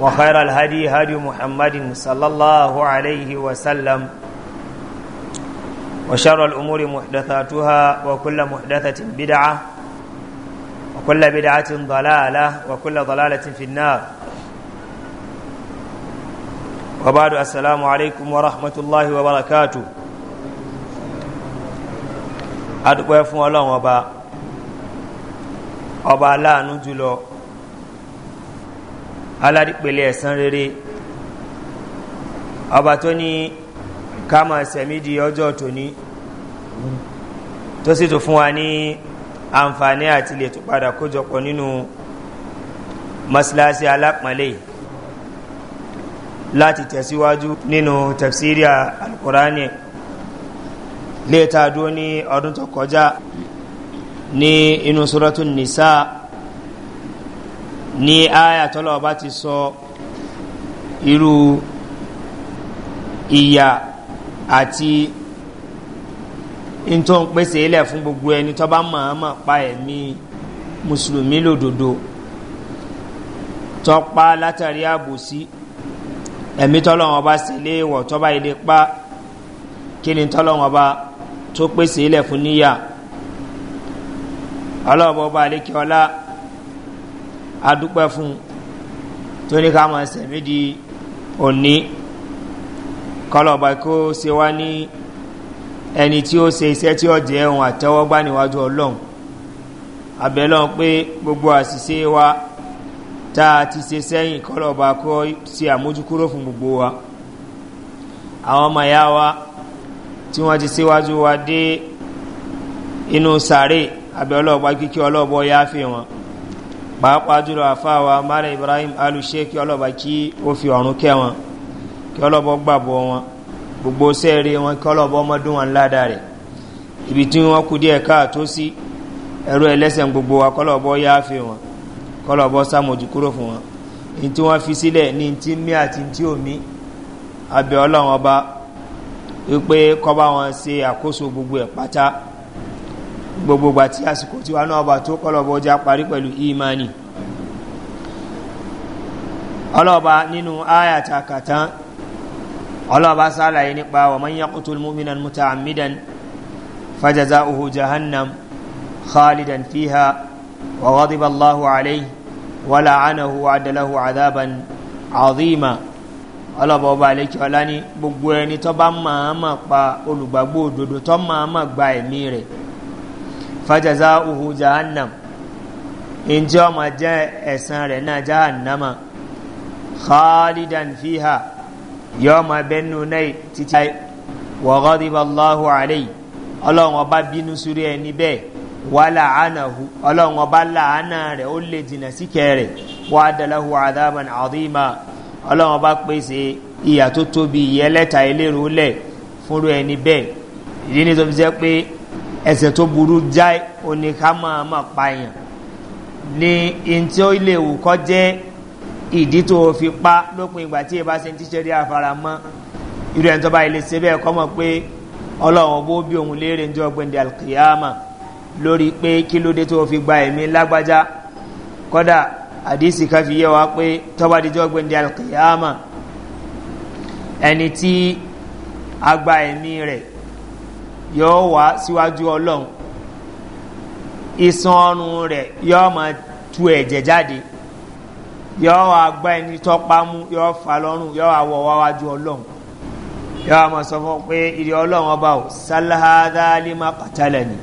وخير الهدي هدي محمد صلى الله عليه وسلم وشر الأمور محدثاتها وكل محدثة بدعة وكل بدعة ضلالة وكل ضلالة في النار وبعد السلام عليكم ورحمة الله وبركاته أدعو يفهم الله وبا وبا لا نجلو aládìpele ẹ̀sán rere ọba tó ní ká máa sẹ̀mí di ọjọ́ tòní tó sì tó fún wa ní àǹfààní àti lè tó padà kójọpọ̀ nínú masilasi alápọ̀nlé láti tẹ̀síwájú nínú tẹ̀síríà alukurani lè ta dúró ní ọdún tó kọjá ní inú Ni aya tọ́lọ̀ ọba ti sọ irú ìyà àti ntọ́ ń pèsè ilẹ̀ fún gbogbo ẹni tọ́ bá mọ̀ọ́mọ̀ pa ẹ̀mí mùsùlùmí lòdòdó tọ́ pa látàrí àbòsí ẹ̀mí tọ́lọ̀ ọba sílé ìwọ̀ tọ́ bá ilé pa kí ni tọ́lọ̀ ọba tó pèsè ilẹ̀ fún níyà ọlọ́ọ̀bọ̀ ọba àlékè ọlá adúpẹ́ fún tó ní ká mọ̀ ẹsẹ̀ méjì òní kọlọ̀bà kó ṣe wá ní ẹni tí ó ṣe iṣẹ́ tí ó jẹ́ ohun àtẹ́wọ́gbá níwájú ọlọ́run abẹ́lọ́n pé gbogbo àṣìṣe wa tá a ti ṣe sẹ́yìn kọlọ̀bà kó ṣe àmójúkúrò fún gbogbo wa àwọn ọmọ ìyá wa tí wọ́n ti síwájú wa dé inú sàárè abẹ́lọ́gbà kíkí ọlọ́bọ yááfì wọn pàápàá jùlọ àfáàwà mara ibrahim alùsẹ́ kí ọlọ́ba kí ó fi ọ̀run kẹ́ wọn kí ọlọ́ba gbàbọ̀ wọn gbogbo sẹ́ẹ̀rí wọn kí ọlọ́ba ọmọdún wọn ládà rẹ̀ ibi tí wọ́n kú díẹ̀ káàtó sí ẹ̀rọ ẹlẹ́sẹ̀ gbogbo wa kọ́lọ́bọ yááfẹ́ wọn kọ́lọ́bọ sàmójú kúrò fún wọn ní tí wọ́n fi sílẹ̀ ní ti mí àti ti omi abẹ́ ọlọ́run ọba wípé kọ́ bá wọn ṣe àkóso gbogbo ẹ̀ pátá gbogbo àti àsìkò tí wà náà ọba tó kọlọ̀bọ̀ já parí pẹ̀lú imani ọlọ́ọ̀bá nínú ayata kàtán ọlọ́ọ̀bá sálàyé nípa wà mọ́ yẹ́ kútù múminan múta àmìdàn fajaza uhu jahannam khalidan fiha wa ghadiba allahu alayhi wa la'anahu wa adalahu adaban azima ọlọ́ọ̀bá ọba àlekí ọlá gbogbo ẹni tó bá pa olùgbàgbọ́ òdodo tó máa gba ẹ̀mí rẹ̀ fajazauhu jahannam ǹjẹ́ ọmọ jẹ́ ẹ̀sán rẹ̀ náà jahannama khalidan fiha yọ ọmọ bẹnu náà títí ayé wọ́gọ́dìbà allahu alayhi ọlọ́run ọba bínú sórí ẹni bẹ́ẹ̀ wà láàánàhu ọlọ́run ọba láàánà rẹ̀ ó lè jìnà síkẹ́ rẹ̀ wà á dàláhu àdáman àdìmá ọlọ́run ọba pèsè ìyà tó tóbi ìyẹlẹ́ta ìlérò lẹ̀ fúnrú ẹni bẹ́ẹ̀ ìdí ni tó fi jẹ́ pé ẹsẹ̀ tó burú jáì oníkàmọ́ọ́mọ́ pààyàn ní ntí ó lè wù kọ́ jẹ́ ìdí tó o fi pa lópin ìgbà tí ìbá ṣe ń tíṣẹ́ rí àfaramọ́ irú ẹ̀ ń tọ́ba ilé ṣe bẹ́ẹ̀ kọ́ mọ̀ pé ọlọ́run bó bí òun léèrè ní ọgbẹ́ndẹ̀ alkiyama lórí pé kí ló dé tó o fi gba ẹ̀mí lágbájá kọ́dà àdìsí ká fi yẹ wá pé tọ́ba díjọ́ ọgbẹ́ndẹ̀ alkiyama ẹni tí a gba ẹ̀mí rẹ̀ yóò wá síwájú ọlọ́run ìsan ọrùn rẹ̀ yóò máa tu ẹ̀jẹ̀ jáde yóò wá gbá ẹni tọ́pá mú yóò fà lọ́rùn yóò wá wọ wáwájú ọlọ́run yóò wá máa sọ fún pé ìdí ọlọ́run ọba ò sálàdálímà pàtàlẹ̀ ni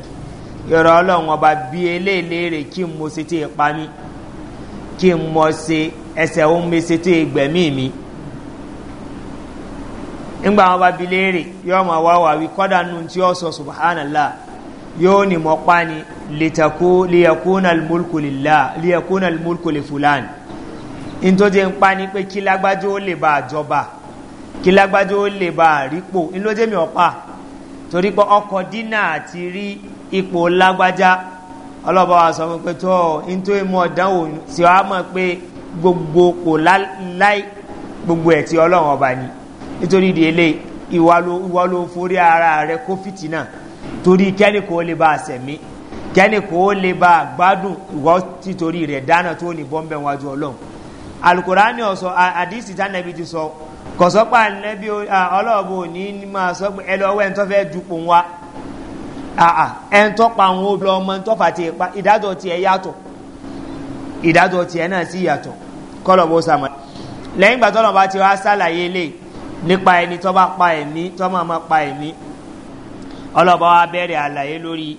ìrọ̀ ọlọ́run ọba bí eléèléèrè kí n mo ṣe tí ì pa mí kí n mọ̀ ṣe ẹsẹ̀ òun mi ṣe tí ì gbẹ̀mí mi. mi ńgbà wọn bá bi léèrè yóò máa wá wà wí kọ́dà nù tí ó sọ subhanallah yóò ní mọ̀ pa ni liyakuna almulku li fulani in tó jẹ́ ń pa ni pé kí lágbájú ó lè ba àjọba kí lágbájú ó lè ba àrípò in ló jẹ́ mi ọ̀pá torí pé ọkọ̀ dínà àti rí ipò lágbájá ọlọ́ba wa sọ pé tó in tó mú ọ̀dánwò sí wa mọ̀ pé gbogbo kò láì gbogbo ẹ̀ tí ọlọ́run ọba ni nítorí ìdí ilé ìwà ló forí ara rẹ kó fìtínà torí kẹ́nìkó lè bá a sẹ̀mí kẹ́nìkó lè bá a gbádùn títorí rẹ̀ dáná tó ní bọ́m̀bẹ̀ wájú ọlọ́run alukurani ọ̀sọ́ àdìsí tánàbí ti sọ kọ̀sọ́pà nẹ́bí ọlọ́ọ̀bù ní máa sọ pé ẹ lọ́wọ́ ẹ̀ ń tọ́ fẹ́ dupò wa ẹ̀ ń tọ́pa àwọn obìnrin ọmọ ń tọ́fà ti pa ìdájọ́ tiẹ̀ yàtọ̀ ìdájọ́ tiẹ̀ náà sì yàtọ̀ kọ́lọ̀ bó sàmọ́ lẹ́yìn gbàtọ́lọ́ bá ti wá sàlàyé léyìí nípa ẹni tó bá pa ẹ̀mí tó máa ma pa ẹ̀mí ọlọ́ba wa bẹ̀rẹ̀ àlàyé lórí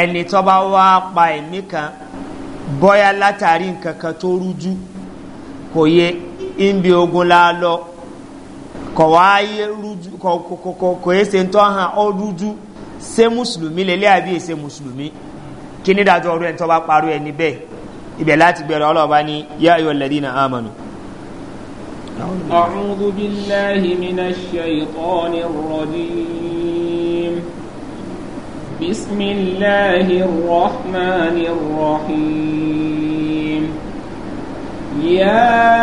ẹni tó bá wá pa ẹ̀mí kan bọ́yá látàrí nǹkan kan tó rújú kò yẹ ìbí ogun la lọ kò wá yẹ rújú kò kò kò kò yẹ ṣe ń tọ́ hàn ọ́ rújú ṣé mùsùlùmí lélẹ́ àbí èsè mùsùlùmí kí nídàájọ́ ọdún ẹni tó bá parọ́ ẹni bẹ́ẹ̀ ibẹ̀ láti gbẹ̀rẹ̀ ọlọ́ba ní yá ayọ̀ lẹ́dí أعوذ بالله من الشيطان الرجيم بسم الله الرحمن الرحيم يا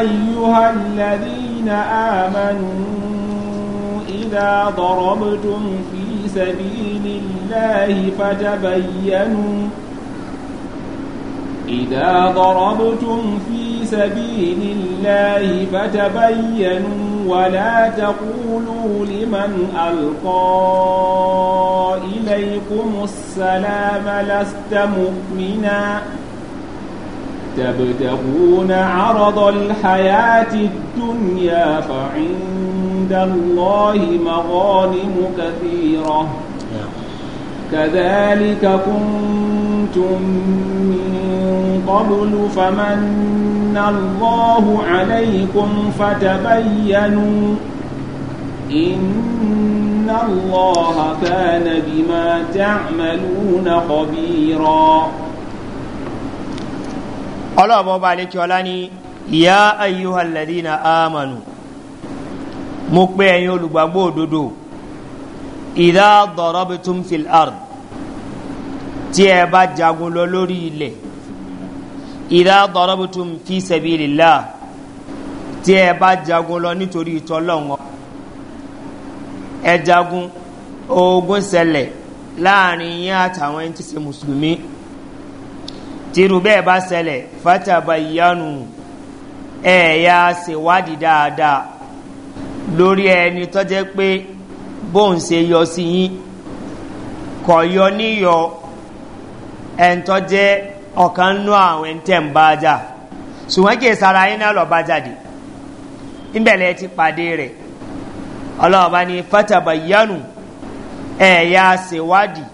أيها الذين آمنوا إذا ضربتم في سبيل الله فتبينوا إذا ضربتم في سبيل الله فتبينوا ولا تقولوا لمن ألقى إليكم السلام لست مؤمنا تبتغون عرض الحياة الدنيا فعند الله مغانم كثيرة نعم. كذلك كنتم كنتم من قبل فمن الله عليكم فتبينوا إن الله كان بما تعملون خبيرا الله أبو عليك يا أيها الذين آمنوا مقبئين يقولوا بابو دودو إذا ضربتم في الأرض tí ẹ bá jagun lọ lórí ilẹ̀ ìdá dọ̀rọ̀bùtùm fi sẹ̀bìlélà tí ẹ bá jagun lọ nítorí ìtọ́lọ́wọ́ ẹ jagun ogun sẹlẹ̀ láàrin yín àtàwọn ẹni tí ṣe mùsùlùmí tìrù bẹ́ẹ̀ bá sẹlẹ̀ fataba ìyanu ẹ̀ yá ṣèwádìí dáadáa lórí ẹni tọ́jẹ́ pé bóun ṣe yọ sí yín kọ̀ yọ níyọ. ẹ̀ńtọ́ jẹ́ ọ̀kan nú àwọn ẹ̀ńtẹ̀ ń bá ṣùgbọ́n kì í sara yín náà lọ́ọ́ bá jáde ńbẹ̀lẹ̀ ti pàdé rẹ̀ ọlọ́ọ̀bá ni fatabayanu ẹ̀yà ṣèwádìí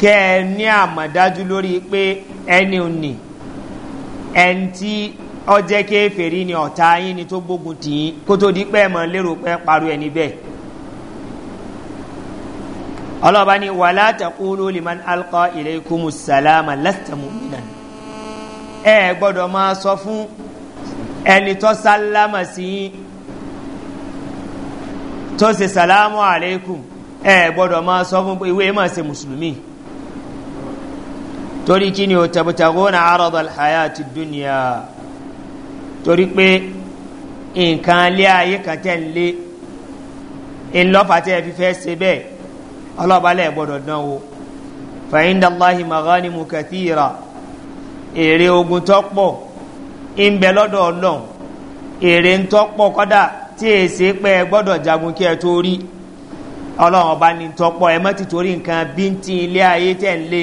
kẹ́ ẹ ní àmọ̀dájú lórí pé ẹni ò ní ẹni tí ọjẹ́ kéferì ni ọ̀tá yín ni tó gbógun tì kó tó pé ẹni bẹ́ẹ̀. ọlọ́ba ni wàlá takúlù liman alqa ilé kúmù sàlámà lẹ́tàmù mìíràn ẹ gbọ́dọ̀ máa sọ fún ẹni tó sálámà sí yín tó ṣe sàlámù àlékún ẹ gbọ́dọ̀ máa sọ fún ìwé máa ṣe mùsùlùmí torí kí ni o tàbùtàgó na àròdọ̀ àyà ti dúnìyà torí pé nǹkan lé ayé kan ń lé ńlọ́fà tẹ́ ṣe bẹ́ẹ̀ ọlọ́balẹ̀ gbọ́dọ̀ dán o fàyíndàláhi maghanimu kathira èrè ogun tọ́pọ̀ ìbẹ lọ́dọ̀ ọlọ́run èrè ń tọ́pọ̀ kọ́dà tí èsì pẹ́ gbọ́dọ̀ jagun kí ẹ tó rí ọlọ́run ọba ní tọ́pọ̀ ẹ mọ́ ti torí nǹkan bíntín ilé ayé tẹ̀ ń lé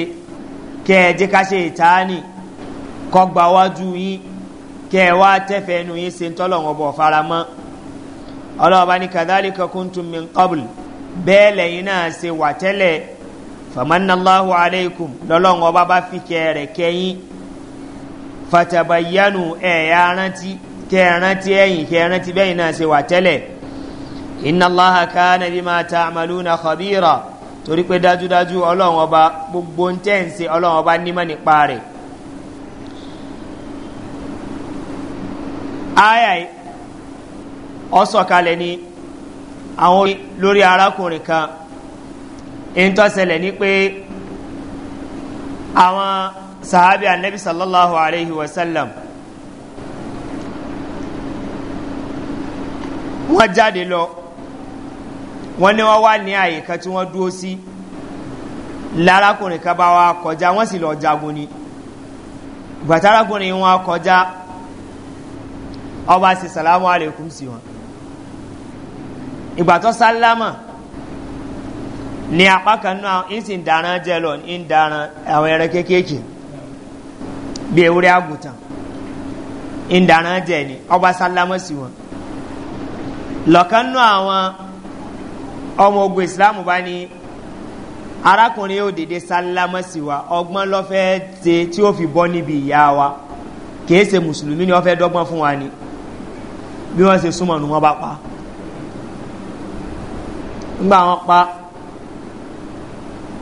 kẹ́ ẹ jẹ́ ká ṣe ìtaání kọgbà wájú yín kẹ́ ẹ wá tẹ́fẹ̀ẹ́ nu yín ṣe ń tọ́lọ́run ọba ọ̀faramọ́ ọlọ́run ọba ní kàdálíkà kúntùmí kọ́bùlù bẹ́ẹ̀ lẹ́yìn náà ṣe wà tẹ́lẹ̀ famanallahu aleikum lọ́lọ́run ọba bá fi kẹrẹ̀ kẹyìn fatabayanu ẹ̀yà rántí kẹrántí ẹ̀yìn kẹrántí bẹ́yìn náà ṣe wà tẹ́lẹ̀ inallaha kana bima ta'maluna khabira torí pé dájúdájú ọlọ́run ọba gbogbo ń tẹ́ ń ṣe ọlọ́run ọba nímọ̀ nípa rẹ̀ ayai ọsọkalẹ̀ ni àwọn lórí arákùnrin kan èyí tó ṣẹlẹ̀ ní pé àwọn sàábì anabi sallallahu alayhi wa sallam wọ́n jáde lọ wọ́n ní wọ́n wá ní àyè kan tí wọ́n dúró sí lárákùnrin kan bá wa kọjá wọ́n sì lọ jagun ni gbàtàrákùnrin wọn kọjá ọba sì sàlámù alaykum sí wọn ìgbà tó sálámà ní apá kan náà ń ń daran jẹ lọ ń daran àwọn ẹrẹ kéékèèké bí ewúrẹ́ àgùntàn ń daran jẹ ni ọba sálámà sí wọn lọ́kàn náà àwọn ọmọ ogun ìsìláàmù bá ní arákùnrin yóò dédé sálámà sí wa ọgbọ́n lọ́fẹ́ ṣe tí ó fi bọ́ níbi ìyá wa kìí ṣe mùsùlùmí ni wọ́n fẹ́ dọ́gbọ́n fún wa ni bí wọ́n ṣe súnmọ̀ nù wọ́n bá pa á ńgbà wọn pa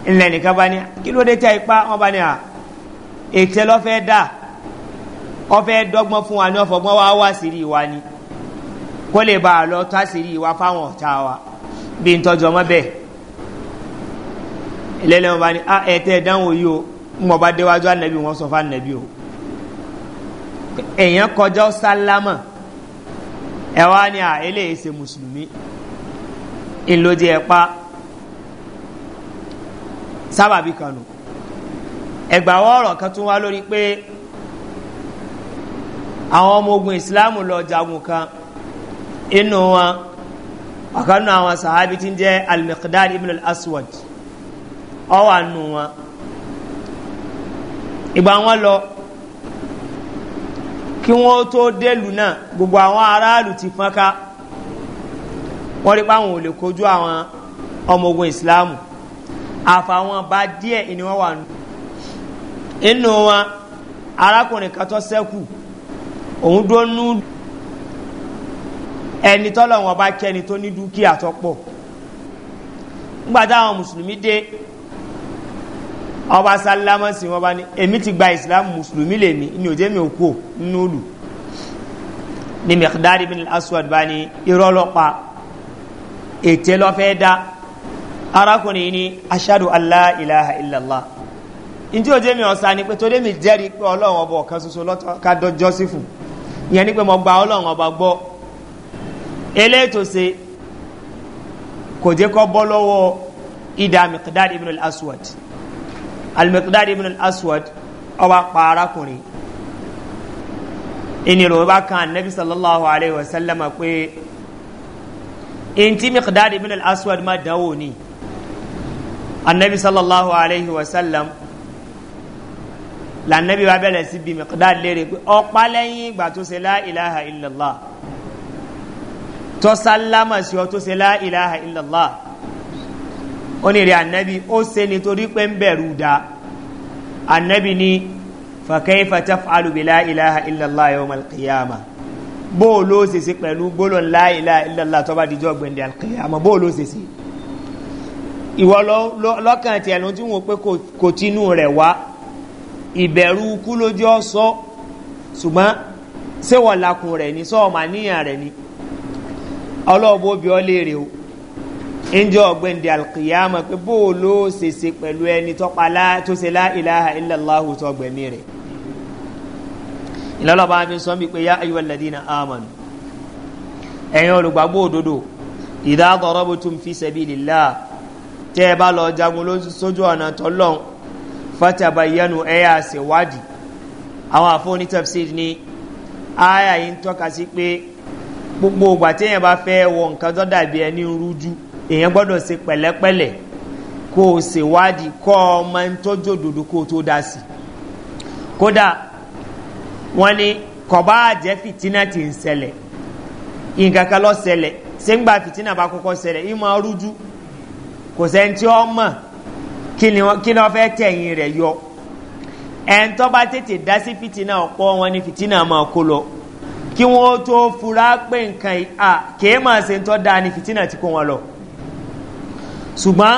ńlẹ̀ nìkan bá ní kí ló dé tẹ́ pa wọn bá ní à ètè lọ́fẹ́ dà ọfẹ́ dọ́gbọ́n fún wa ní ọ̀fọ̀gbọ́n wa wá sírí wa ni kó lè bá a lọ tó àṣírí wa fáwọn ọ̀tá wa bí n tọ́jú ọmọ bẹ́ẹ̀ ìlẹ́lẹ́ wọn bá ní à ẹ̀tẹ́ ìdánwò yìí o mọ̀ bá déwájú ànẹ́bí wọn sọ fún ànẹ́bí o èèyàn kọjá sálámà ẹ̀ wá ní à eléyìí ṣe mùsùlùmí ìlòdì ẹ̀pa sábàbí kan nù ẹgbàwọ́ ọ̀rọ̀ kan tún wá lórí pé àwọn ọmọ ogun ìsìláàmù lọ jagun kan inú wọn ọ̀kan nù àwọn sàhábí tí ń jẹ́ al-mikdad ibn al-aswad ọwọ́ àánú wọn ìgbà wọn lọ kí wọ́n tó délùú náà gbogbo àwọn aráàlú ti fọ́nká wọ́n rí páwọn ò lè kojú àwọn ọmọ ogun islam àfàwọn bá díẹ̀ ni wọ́n wà nù inú wọn arákùnrin kan tó sẹ́kù òun dó nú ẹni tọ́lọ̀ wọn bá kẹ́ni tó ní dúkìá tó pọ̀ nígbà táwọn mùsùlùmí dé ọba sálámà sí wọn bá ní èmi ti gba islam mùsùlùmí lèmi ní òjé mi ò kú nínú òlù ní mẹ̀kídárì bin aswad bá ní irọ́ lọ́pàá ètè lọ́fẹ́ dá arákùnrin ní aṣáájú aláìláha ìlàlá njẹ́ òjé mi ọ̀sán ni pé torí mi jẹ́rìí pé ọlọ́run ọba ọ̀kan ṣoṣo lọ́tọ́ ká dọ́jọ́ sí fún ìyẹn ni pé mo gba ọlọ́run ọba gbọ́ eléètò ṣe kò jẹ́ kọ́ bọ́ lọ́wọ́ ìdá mikdad ibn al-aswad al-mikdad ibn al-aswad ọba pa arákùnrin ìnirò bá kan anabi sallallahu alayhi wa sallam pé enti miqdad ibn al-aswad ma dawo ni annabi sallallahu alayhi wa sallam lànàbí wa bẹ̀rẹ̀ sí bí miqdad léèrè pé ọ̀pá lẹ́yìn ìgbà tó ṣe láìláha illallah tó sálámà sí ọ tó ṣe láìláha illallah ó ní rí annabi ó ṣe nítorí pé ń bẹ̀rù dá annabi ní fàkẹ́yìn fataf alùbí láìláha illallah yawm al bóò ló ṣe ṣe pẹ̀lú gbólóń láìlá ìlàlá tó bá dijọ́ gbẹ̀ndẹ̀ àkẹyà àmọ́ bóò ló ṣe ṣe ìwọ lọ́kàn tiẹ̀ ló ti wọ́n pé kò tinú rẹ̀ wá ìbẹ̀rù kú lójú ọ̀sọ́ ṣùgbọ́n ṣé lakùn rẹ̀ ni sọ ọ̀mà níyàn rẹ̀ ni ọlọ́ọ̀bù obì ọ́ léèrè o ǹjẹ́ ọ̀gbẹ́ndẹ̀ àkẹyà àmọ́ pé bóò ló pẹ̀lú ẹni tó ṣe láìlá ìlàlá tó gbẹ̀mí rẹ̀ ìlọ́lọ́ba fi sọ wípé yá ayé wàlẹ́dí na amọ̀n ẹ̀yin olùgbàgbọ́ òdodo ìdádọ́rọ́ bó tún fi ṣẹ̀bi lílá tẹ́ ẹ bá lọ jagun ló sójú ọ̀nà tọ́lọ́n fataba yẹnu ẹ̀ yà ṣèwádìí àwọn àfọwọ́ni tafsir ni aya yìí tọ́ka sí pé gbogbo ògbà téèyàn bá fẹ́ wọ nǹkan tó dàbí ẹni rújú èèyàn gbọ́dọ̀ ṣe pẹ̀lẹ́pẹ̀lẹ́ kó o ṣèwádìí kọ́ ọmọ ń tọ́jú òdodo kó o tó dá sí kódà wọ́n ní kọ̀bá àjẹ́ fìtínà ti ń ṣẹlẹ̀ nǹkan kan lọ ṣẹlẹ̀ sẹ́ńgbà fìtínà bá kọ́kọ́ ṣẹlẹ̀ ìmọ̀ ọrújú kò sẹ́ńtì ọmọ kí ni wọ́n fẹ́ tẹ̀yìn rẹ̀ yọ ẹ̀ńtọ́ bá tètè dá sí fìtínà ọ̀pọ̀ wọn ni fìtínà máa kó lọ kí wọ́n tó fura pé nǹkan à kèé máa ṣe ń tọ́ da ni fitina ti kó wọn lọ ṣùgbọ́n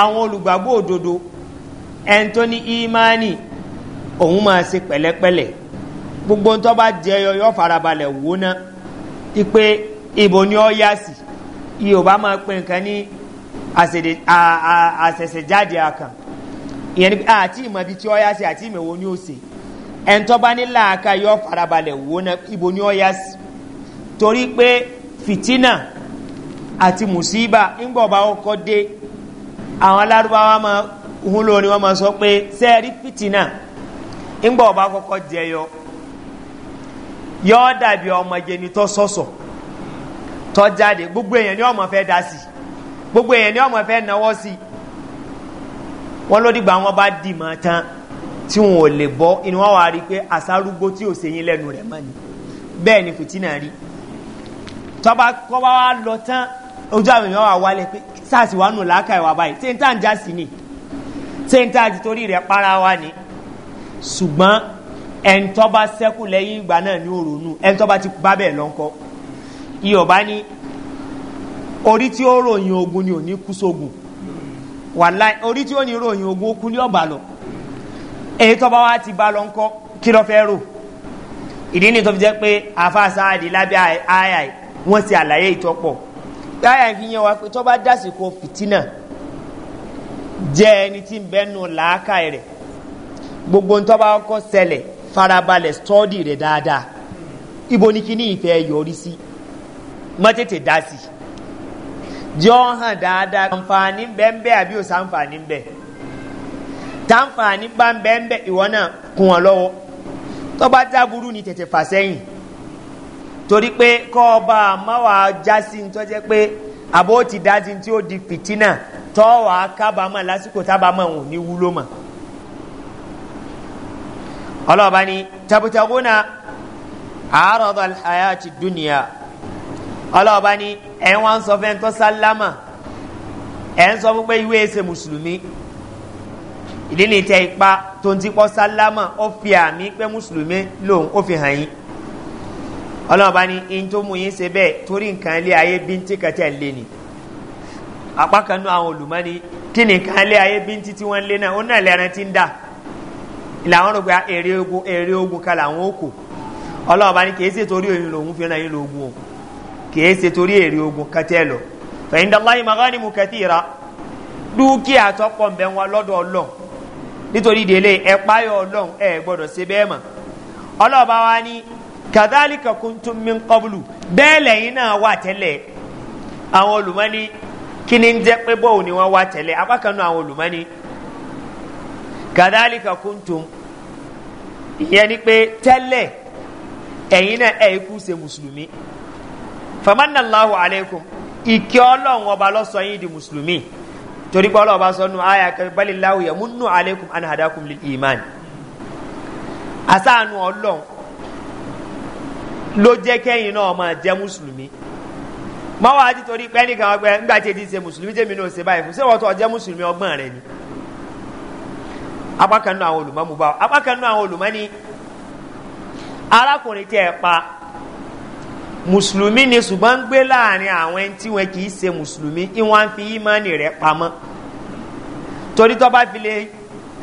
àwọn olùgbàgbọ́ òdodo ẹ̀ńtọ́ ní ìmánì òun máa ṣe pẹ̀lẹ́pẹ̀lẹ́ gbogbo ń tọ́ba jẹyọ yọ farabalẹ̀ wò ná ipe ìbò ni ọ yá sí yorùbá máa pe nǹkan ní àṣẹ̀ṣẹ̀jáde àkàn ìyẹn ni àti ìmọ̀ ibi tí ọ yá sí àti ìmọ̀ èwo ni ó ṣe ẹ̀ ń tọ́ba ní làákà yọ farabalẹ̀ wò ná ìbò ni ọ yá sí torí pé fìtínà àti mùsíbà ńgbọ̀ bá ọkọ̀ dé àwọn alárúbáwá máa hun lórí wọn máa sọ pé sẹ́ẹ̀rí fìtínà. ńgbà ọba kọ́kọ́ jẹyọ yọ dàbí ọmọge ni tọ sọsọ, tọ jade, gbogbo èèyàn ni ọmọ fẹ́ da si, gbogbo èèyàn ni ọmọ fẹ́ náwó si. wọn lọ dìgbà wọn bá dì mọ́ tán tí wọn ò lè bọ́ inú wa wà rí pé àsárúgbó tí ò sèyìn lẹ́nu rẹ̀ mọ́ ni bẹ́ẹ̀ ni fìtínà rí tọ́ba kọ́ba wa lọ tán ojú àwọn èèyàn wà wálé pé sars wà nù làákà ìwà báyìí ṣé n tá à já sí ni ṣé n tá à ti torí rẹ̀ para wa ni. ṣùgbọ́n ẹ̀ńtọ́ bá sẹ́kù lẹ́yìn ìgbà náà ní òrònú ẹ̀ńtọ́ bá ti bá bẹ́ẹ̀ lọ́nkọ́ ìyọ̀bá ní orí tí ó ròyìn ogun ni ò ní kú sógun wàláì orí tí ó ní ròyìn ogun ó kú ní ọ̀bà lọ èyí tó bá wá ti bá lọ́nkọ́ kí lọ́ fẹ́ rò ìdí ni tó fi jẹ́ pé àáfàá sáàdì lábẹ́ àyà wọ́n ti àlàyé ìtọ́pọ̀ táyà fi yẹn wá pé tó bá dásìkò fìtínà jẹ́ ẹni tí ń bẹ́nu làákàyè rẹ̀ gbogbo ntọ́ bá kọ́ sẹlẹ̀ farabalẹ̀ stọ́ọ̀dì rẹ̀ dáadáa ibo ni kíní ìfẹ́ yọrí sí mọ́ tètè dá sí jọ hàn dáadáa àǹfààní bẹ́ẹ̀ àbí òsà àǹfààní bẹ́ẹ̀ táǹfààní bá ń bẹ́ẹ̀ ìwọ náà kún wọn lọ́wọ́ tọ́ bá dáburú ni tètè fà sẹ́yìn torí pé kọ́ ọba àmọ́wà jásí ń tọ́jẹ́ pé àbó ti dá sí tí ó di fìtínà tọ́wàá kábàámọ̀ lásìkò tábàámọ̀ òní wúlò mọ́ ọlọ́ọ̀bá ni tabutaguna àárọ̀dọ̀ àyàtì dúnìyà ọlọ́ọ̀bá ni ẹ̀ ń wá ń sọ fẹ́ ń tọ́ sálámà ẹ̀ ń sọ fún pé ìwé ẹsẹ̀ mùsùlùmí ìdí ni tẹ ipa tó ń tipọ́ sálámà ó fi àmì pé mùsùlùmí lòun ó fi hàn yín ọlọ́ọ̀bá ni in tó mú yín ṣe bẹ́ẹ̀ torí nǹkan ilé ayé bíntì kẹtẹ́ ń lé ni apá kan nú àwọn olùmọ́ni kí nìkan ilé ayé bíntì tí wọ́n ń lé náà ó náà lẹ́ran ti ń dà làwọn rò pé èrè ogun èrè ogun kan làwọn ó kò ọlọ́ọ̀bá ní kìí ṣe torí òyìn lòun fi ogun lọ fẹ̀yìn dàláyé magani mu kẹtì ra dúkìá tọpọ̀ nbẹ̀ wọn lọ́dọ̀ ọlọ́ọ̀ nítorí délé ẹ̀ páyọ̀ ọlọ́ọ̀ ẹ̀ gbọ́dọ̀ ṣe bẹ́ẹ̀ mọ̀ wa ní mi náà wà tẹ́lẹ̀ àwọn olùmọ́ni kí ni ń jẹ́ pé bọ́ọ̀ ìyẹn ni pé tẹ́lẹ̀ ẹ̀yin náà ẹ̀ kú ṣe mùsùlùmí famanallahu alaykum ìkẹ́ ọlọ́run ọba lọ́sọ yín di mùsùlùmí torí pé ọlọ́run ọba sọ nù ayà kan balillahu yẹ múnú alaykum anahadakum lil iman asáànù ọlọ́run ló jẹ́ kẹ́yìn náà máa jẹ́ mùsùlùmí mọ́wáá ti torí pé ẹnìkan ọgbẹ́ ńgbà tí èdè ṣe mùsùlùmí jẹ́mi náà ṣe báyìí fún ṣé wọ́n tó ọjẹ́ mùsùlùmí ọgbọ́n rẹ ni apákanú àwọn olùmọ́ mú bá apákanú àwọn olùmọ́ ni arákùnrin tẹ́ ẹ pa mùsùlùmí ni ṣùgbọ́n ń gbé láàrin àwọn ẹni tí wọn kì í ṣe mùsùlùmí ìwọ̀n ń fi ímánì rẹ̀ pamọ́ torí tó bá fi lè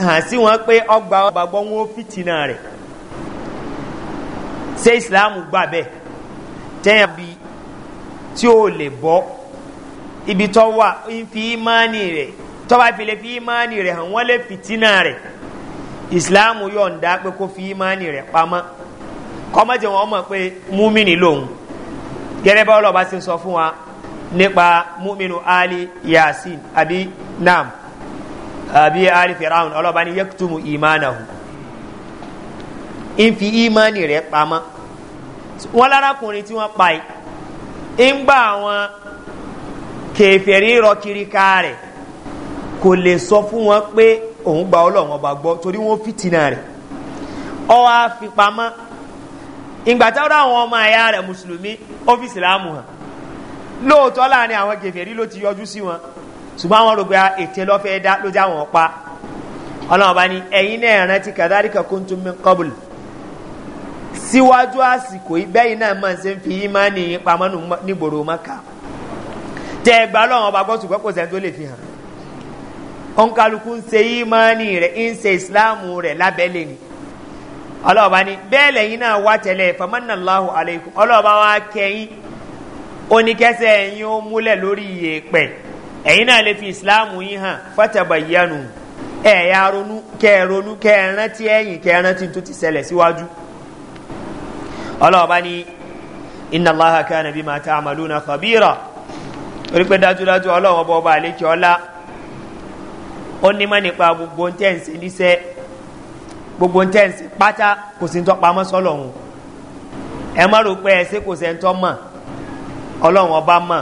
hàn sí wọn pé ọgbà ọgbàgbọ́ wọn ó fìtìnà rẹ̀ ṣé ìsìláàmù gbà bẹ́ẹ̀ tẹ́yàn bí tí ó lè bọ́ ibi tó wà ń fi ímánì rẹ̀ tọ́ba ìfìlẹ̀ fi ìmánì rẹ̀ hàn wọ́n lè fìtínà rẹ̀ ìsìláàmù yọ̀ǹda pé kó fi ìmánì rẹ̀ pamọ́ kọ́mọ́jẹ̀ wọn mọ̀ pé múmìnì lòun gẹ́gẹ́ bá ọlọ́ba ti sọ fún wa nípa ali yasin àbí nam àbí ali ọlọ́ba ni yẹ́kùtùmù ìmánahu ń fi ìmánì rẹ̀ pamọ́ wọn lárakùnrin tí pa yìí ń gbà kiri kò lè sọ fún wọn pé òun gba ọlọ́run ọba gbọ́ torí wọ́n fìtìnà rẹ̀ ọwọ́ àfipamọ́ ìgbà táwọn àwọn ọmọ ẹ̀yà rẹ̀ mùsùlùmí ọ́fíìsì láàmù hàn lóòótọ́ láàrin àwọn gèfèrí ló ti yọjú sí wọn ṣùgbọ́n àwọn rògbé ètè lọ́fẹ́ dá ló já wọn pa ọlọ́run bá ní ẹ̀yin náà rántí kàdáríkà kóńtó mi kọ́bùl síwájú àsìkò ìbẹ́yìn náà máa ń ṣe ń fi yí máa ní pamọ́ nígboro mọ́ka tẹ́ ẹ lọ́wọ́n ọba gbọ́ ṣùgbọ́n kò lè fi hàn ọ̀nkálukú ń se ìmọ̀ọ́nì rẹ̀ ń se ìsìláàmù rẹ̀ lábẹ́lẹ̀ ni ọlọ́ọ̀bá ni bẹ́ẹ̀ lẹ́yìn náà wá tẹ̀lé famanallahu aleikum ọlọ́ọ̀bá wa kẹ́yìn oníkẹ́sẹ̀ ẹ̀yin ó múlẹ̀ lórí ìyèpẹ̀ ẹ̀yin náà lè fi ìsìláàmù yín hàn fọ́tàbà yánu ẹ̀yà ronú kẹ́ẹ̀ronú kẹ́ẹ̀rántí ẹ̀yìn kẹ́ẹ̀rántí tó ti ṣẹlẹ̀ síwájú ọlọ́ọ̀bá ni inna allaha kana ó ní mọ́ nípa gbogbo ń tẹ̀sí níṣẹ́ gbogbo ń tẹ̀sí pátá kò sí ń tọ́ pamọ́ sọ́lọ̀ òun ẹ má rò pé ẹ ṣe kò sẹ́ńtọ́ mọ̀ ọlọ́run ọba mọ̀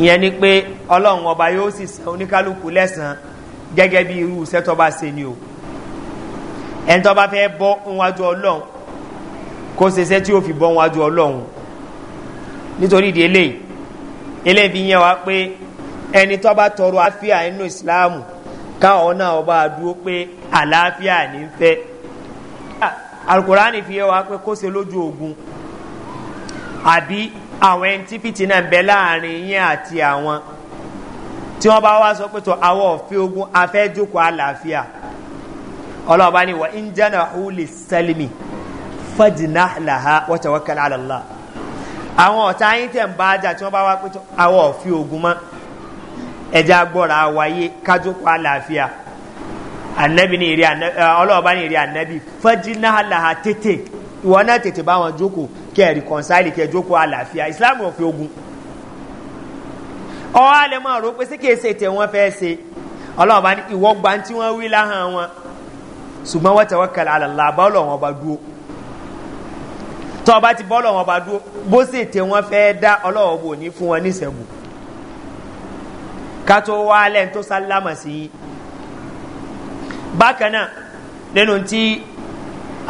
ìyẹn ni pé ọlọ́run ọba yóò sì san oníkálukú lẹ́sàn-án gẹ́gẹ́ bí irú iṣẹ́ tó bá ṣe ni o ẹni tó bá fẹ́ bọ́ níwájú ọlọ́run kó ṣe iṣẹ́ tí yóò fi bọ́ níwájú ọlọ́run nítorí ìdí eléyìí eléyìí fi yẹn wá pé ẹni tó bá tọrọ àfíà nínú ìsìláàmù káwọn náà ọba dúró pé àlàáfíà ní í fẹ́ alukurani fi wa pé kó se lójú ogun àbí àwọn ẹni tí fìtínà bẹ láàrin yín àti àwọn tí wọ́n bá wá sọ pé tó àwọn òfin ogun afẹ́jókòó àlàáfíà ọlọ́ọ̀bá ni wà ń jẹ́nà húlì sẹ́lìmì fàdínà làhá wọ́tẹ̀wọ́kẹ́lá àlọ́lá àwọn ọ̀tá yín tẹ̀ ń bá jà tí wọ́n bá wá pé tó àwọn òfin ogun mọ́ ẹja gbọ́ra wáyé kájókòó àlàáfíà anabi ni ìrì ọlọ́ọ̀bá ni ìrì anabi fẹ́jìnnà àlàá tètè ìwọ náà tètè bá wọn jókòó kẹ́ ẹ̀ rìkọ̀nsáìlì kẹ́ ẹ̀ jókòó àlàáfíà islam ò fi ogun ọwọ́ alẹ́ máa rò pé sékè ṣe tẹ̀ wọ́n fẹ́ ṣe ọlọ́ọ̀bá ni ìwọ gba tí wọ́n wí láhàn wọn ṣùgbọ́n wọ́n tẹ̀wọ́ kẹlẹ̀ àlàlà bọ́ọ̀lù wọn bá dúró tọ́ ti bọ́ọ̀lù wọn bá dúró bó ṣe tẹ̀ wọ́n fẹ́ dá ọlọ́ọ̀bù ká tó wálẹ̀ tó sálámà sí i bákan náà nínú tí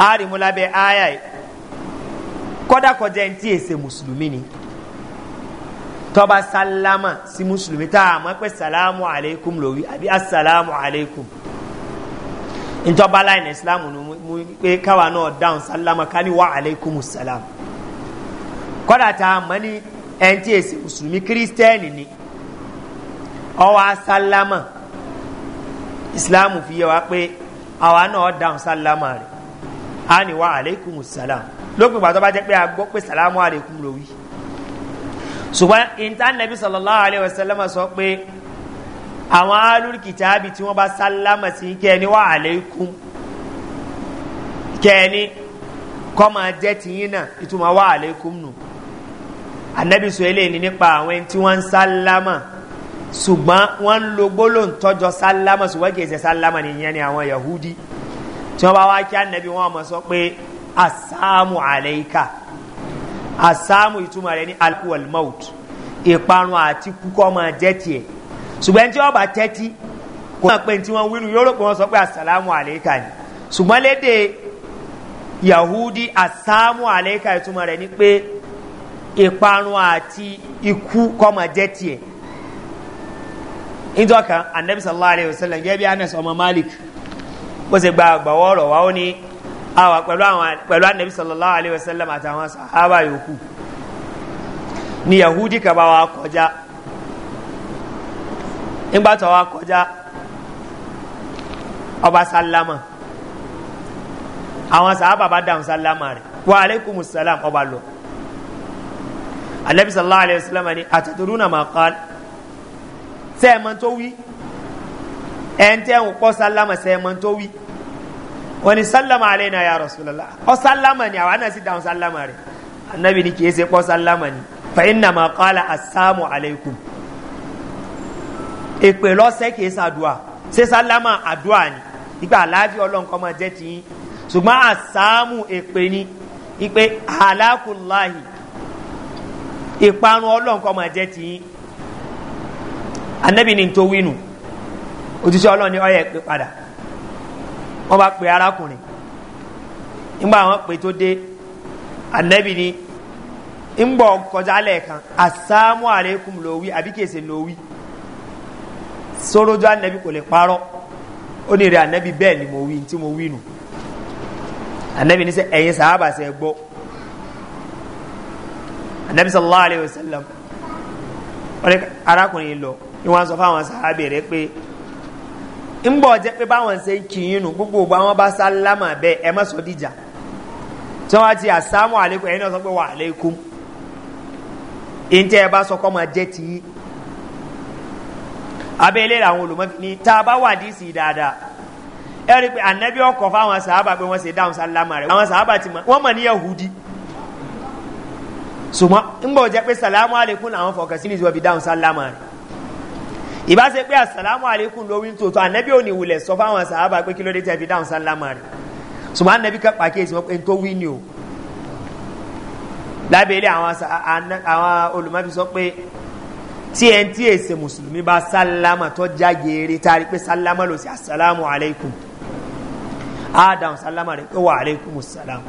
àrìmúlábẹ́ àyà yìí kọ́dà kọjá ẹni tí èsè mùsùlùmí ni tọba sálámà sí mùsùlùmí tá a mọ̀ pé sàlámù aleikum lòwí àbí asàlámù aleikum ntɔba la yin isilamu nu mu pe náà dáhùn sálámà kani wa aleikum salam kọ́dà tá a mọ̀ ní ẹni tí èsè mùsùlùmí kírísítẹ́nì ni ọwọ́ asálámà ìsìláàmù fi yẹ wá pé àwa náà dáhùn sálámà rẹ̀ á ní wá aleikum salam lópin pàtó bá jẹ́ pé a gbọ́ pé salamu aleikum ló wí. ṣùgbọ́n ìntánẹ́bí sọlọ́lá alẹ́ wa sálámà sọ pé àwọn alúrú kìtàbí tí wọ́n bá sálámà sí kẹ́ni wá aleikum kẹ́ni kọ́ máa jẹ́ tìyín náà ìtumọ̀ wá aleikum nù. ànábì sọ eléyìí nípa àwọn tí wọ́n ń sálámà ṣùgbọ́n wọ́n ń lo gbólóhùn tọ́jọ́ sálámà ṣùgbọ́n kì í ṣe sálámà nìyẹn ni àwọn yahudi tí wọ́n bá wá kí ànábi wọn mọ̀ sọ pé asaamu aleika asaamu ìtumọ̀ rẹ̀ ní alkuwal maut ìparun àti kúkọ́ máa jẹ́ tiẹ̀ ṣùgbọ́n tí wọ́n bá tẹ́tí kò náà pé tí wọ́n wínú yóò rò pé wọ́n sọ pé asalaamu aleika ni ṣùgbọ́n léde yahudi asaamu aleika ìtumọ̀ rẹ̀ ní pé ìparun àti ikú kọ́ máa jẹ́ tiẹ̀ níjọ́ kan anabi sallallahu alayhi wa sallam gẹ́gẹ́ bí anas ọmọ malik bó ṣe gba àgbàwọ́ ọ̀rọ̀ wa ó ní àwà pẹ̀lú àwọn pẹ̀lú anabi sallallahu alayhi wa sallam àtàwọn sahaba yòókù ni yahudi kaba wa kọjá nígbà tó wa kọjá ọba sálámà àwọn sahaba bá dáhùn sálámà rẹ̀ wa aleykum salam ọba lọ anabi sallallahu alayhi wa sallam ni àtàtúrú na màkàlá sẹ́ẹ̀mọ́ tó wí ẹ̀ńtẹ́ ń kọ́ sálámà sẹ́ẹ̀mọ́ tó wí wọ́n ní sálámà alẹ́ náà yà rọ̀ṣùlọ́lá ọ sálámà ni àwọn náà sì dáhùn sálámà rẹ̀ anabi ni kìí ṣe kọ́ sálámà ni fẹ́yìn nàmà kọ́lá asámù aleikum èpè lọ́sẹ̀ kìí sàdùà ṣé sálámà àdùà ni ìgbà àlàáfíà ọlọ́nkọ́ máa jẹ́ tiyín ṣùgbọ́n asámù èpè ni ìpè alákùnláhì ìparun ọlọ́nkọ́ máa jẹ́ tiyín. anabi ni tó wínú òtítọ́ ọlọ́run ni ọyẹ pé padà wọ́n bá pe arákùnrin nígbà wọn pè tó dé anabi ni ń bọ̀ kọjá lẹ́ẹ̀kan asámú aleikum lówí àbí lówí sórójú anabi kò lè parọ́ ó ní rẹ̀ anabi bẹ́ẹ̀ ni mo wí tí mo winu anabi ní sẹ ẹ̀yin sàábà sẹ gbọ́ anabi sallallahu alayhi wa sallam arákùnrin lọ ni wọ́n sọ fáwọn sàábẹ̀ rẹ pé ńgbọ́ jẹ́ pé báwọn ṣe ń kìyìn nù gbogbo àwọn bá sálámà bẹ́ẹ̀ sọ tí wọ́n ti àsámù àlékún ẹ̀yin náà sọ pé wà àlékún ìntẹ́ ẹ sọ kọ́ máa jẹ́ ti yí abẹ́lé làwọn olùmọ́fin ní tá a bá wà díìsì dáadáa ẹ rí i pé ànábì ọkọ̀ fáwọn sàábà pé wọ́n ṣe dáhùn àwọn sàábà ti mọ̀ wọ́n mọ̀ ní yahudi ìbá ṣe pé asàlámù alaykum lórí tòótọ́ ànẹ́bí ò ní wulẹ̀ sọ fáwọn sàábà pé kí ló dé tẹ́ fi dáhùn sálámà rẹ̀ ṣùgbọ́n ànẹ́bí ká pàkíyèsí wọn pé n tó wí ni o lábẹ́lẹ́ àwọn olùmọ́bí sọ pé tí ẹ̀ ń tí èsè mùsùlùmí bá sálámà tó jágeere tari pé sálámà ló sì asàlámù alaykum á dáhùn sálámà rẹ̀ pé wà alaykum sálámù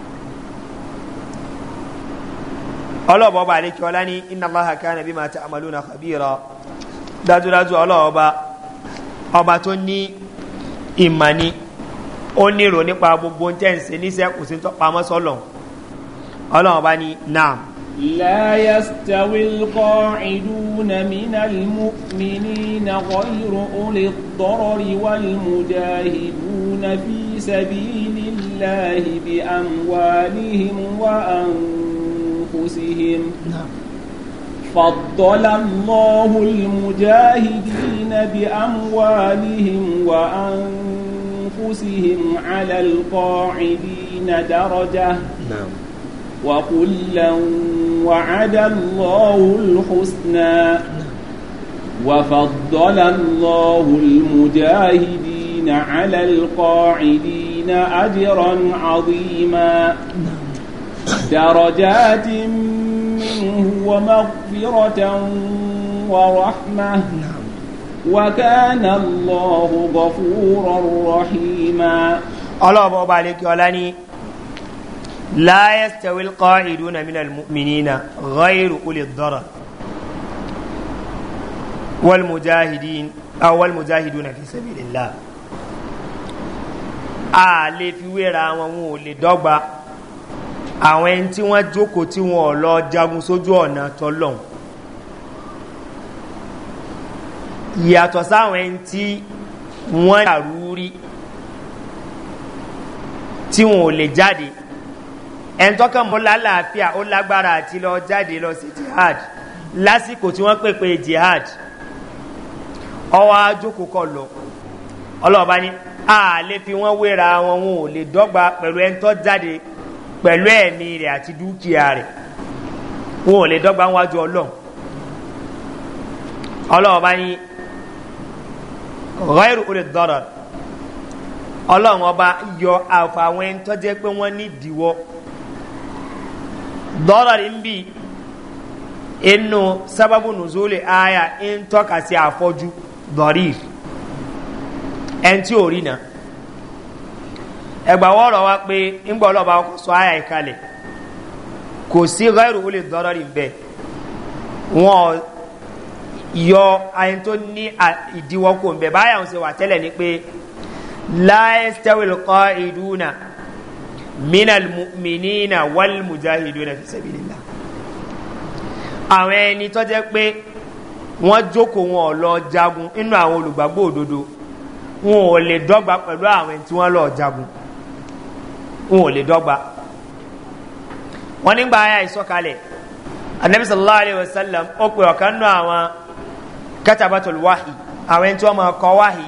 ọlọ́bọ̀ ọba ní iná lọ́hàká nàbí máa àmàlú náà kàbí dájúdájú ọlọ́run ọba tó ní ìmọ̀ ni ó nírò nípa gbogbo tẹ́ǹsì níṣẹ́ kò sí tọ́pamọ́ sọ́lọ̀ ọlọ́run ni naam. لا يستوي القاعدون من المؤمنين غير أولي الضرر والمجاهدون في سبيل الله بأموالهم وأنفسهم نعم فضل الله المجاهدين بأموالهم وأنفسهم على القاعدين درجة نعم وكلا وعد الله الحسنى وفضل الله المجاهدين على القاعدين أجرا عظيما درجات ومغفرة ورحمة وكان الله غفورا رحيما الله أبو عليك ولاني لا يستوي القاعدون من المؤمنين غير أولي الضرر والمجاهدين أو المجاهدون في سبيل الله a lè fi wéra wọn àwọn ẹni tí wọ́n jókòó tí wọn ò lọ jagun sójú ọ̀nà tọ́lọ́hún ìyàtọ̀ sáwọn ẹni tí wọ́n yàrú rí tí wọn ò lè jáde ẹni tọ́kàn mọ́ lálàáfíà ó lágbára àti lọ jáde lọ sí jihad lásìkò tí wọ́n pèpè jihad ọwọ́ ajókòó kọ lọ ọlọ́ọ̀bá ni a lè fi wọ́n wéra wọn wọn ò lè dọ́gba pẹ̀lú ẹni tọ́ jáde pẹ̀lú ẹ̀mí rẹ̀ àti dúkìá rẹ̀ wọn ò lè dọ́gba wájú ọlọ́run ọlọ́run bá yín ọba yọ àfà ẹni tó pé wọ́n ní ìdíwọ́ dọ́rọ̀ ń bì inú sábàbù nùzúlẹ̀ àyà ń tọ́ka sí àfọ́jú dọ̀rí ẹni tí ò ẹgbà wọ́ọ̀rọ̀ wa pé ńgbà ọlọ́ba ọkọ̀ sọ àyà ìkalẹ̀ kò sí gáìrù wọlé dọ́rọ́ rí bẹ́ẹ̀ wọn yọ ayin tó ní ìdíwọ́ kò ń bẹ̀ báyà ń ṣe wà tẹ́lẹ̀ ni pé láìsítẹ́wìl kọ́ ìdúnà minal minina wal mujahiduna fi sabilillah àwọn ẹni tó jẹ́ pé wọ́n jókòó wọn ò lọ jagun inú àwọn olùgbàgbọ́ òdodo wọn ò lè dọ́gba pẹ̀lú àwọn ẹni tí wọ́n lọ jagun. wọn ò lè dọ́gba ya nígbà ayé anabi sallallahu alayhi wa sallam ó pe ọ̀kan nù àwọn katabatul wahi àwọn ẹni tí wọ́n máa kọ́ wahi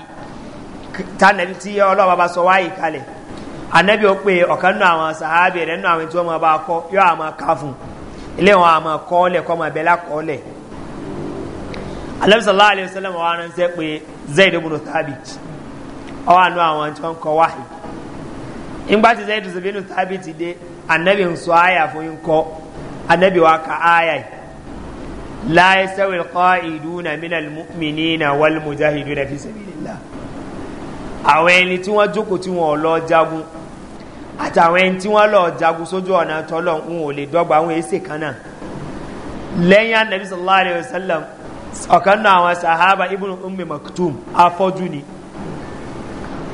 tánàbí tí ọlọ́wọ́ bá sọ wahi kalẹ̀ anabi ó pe ọ̀kan nù àwọn sahabi rẹ̀ nù àwọn ẹni tí wọ́n máa bá kọ́ yọ àwọn ká fún ilé wọn kọ́ lẹ̀ kọ́ máa bẹ̀ anabi sallallahu alayhi wa sallam pé zayd ibn thabit àwọn tí wọ́n kọ́ wahi. nígbà tí zayidu zubinu thabi ti dé anabi ń sọ aya fún yín kọ́ anabi wa ka aya yìí láyé sẹ́wìl kọ́ ìdúnà mínà mìnínà wàlmùjáhìdúnà fi sẹ́bìlélá àwọn ẹni tí wọ́n jókòó tí wọ́n lọ jagun àtàwọn ẹni tí wọ́n lọ jagun sójú ọ̀nà tọ́lọ̀ ń ò lè dọ́gba àwọn èsì kan náà anabi sallallahu alayhi wa sallam ọ̀kan náà àwọn sahaba ibùdó umme maktum afọ́jú ni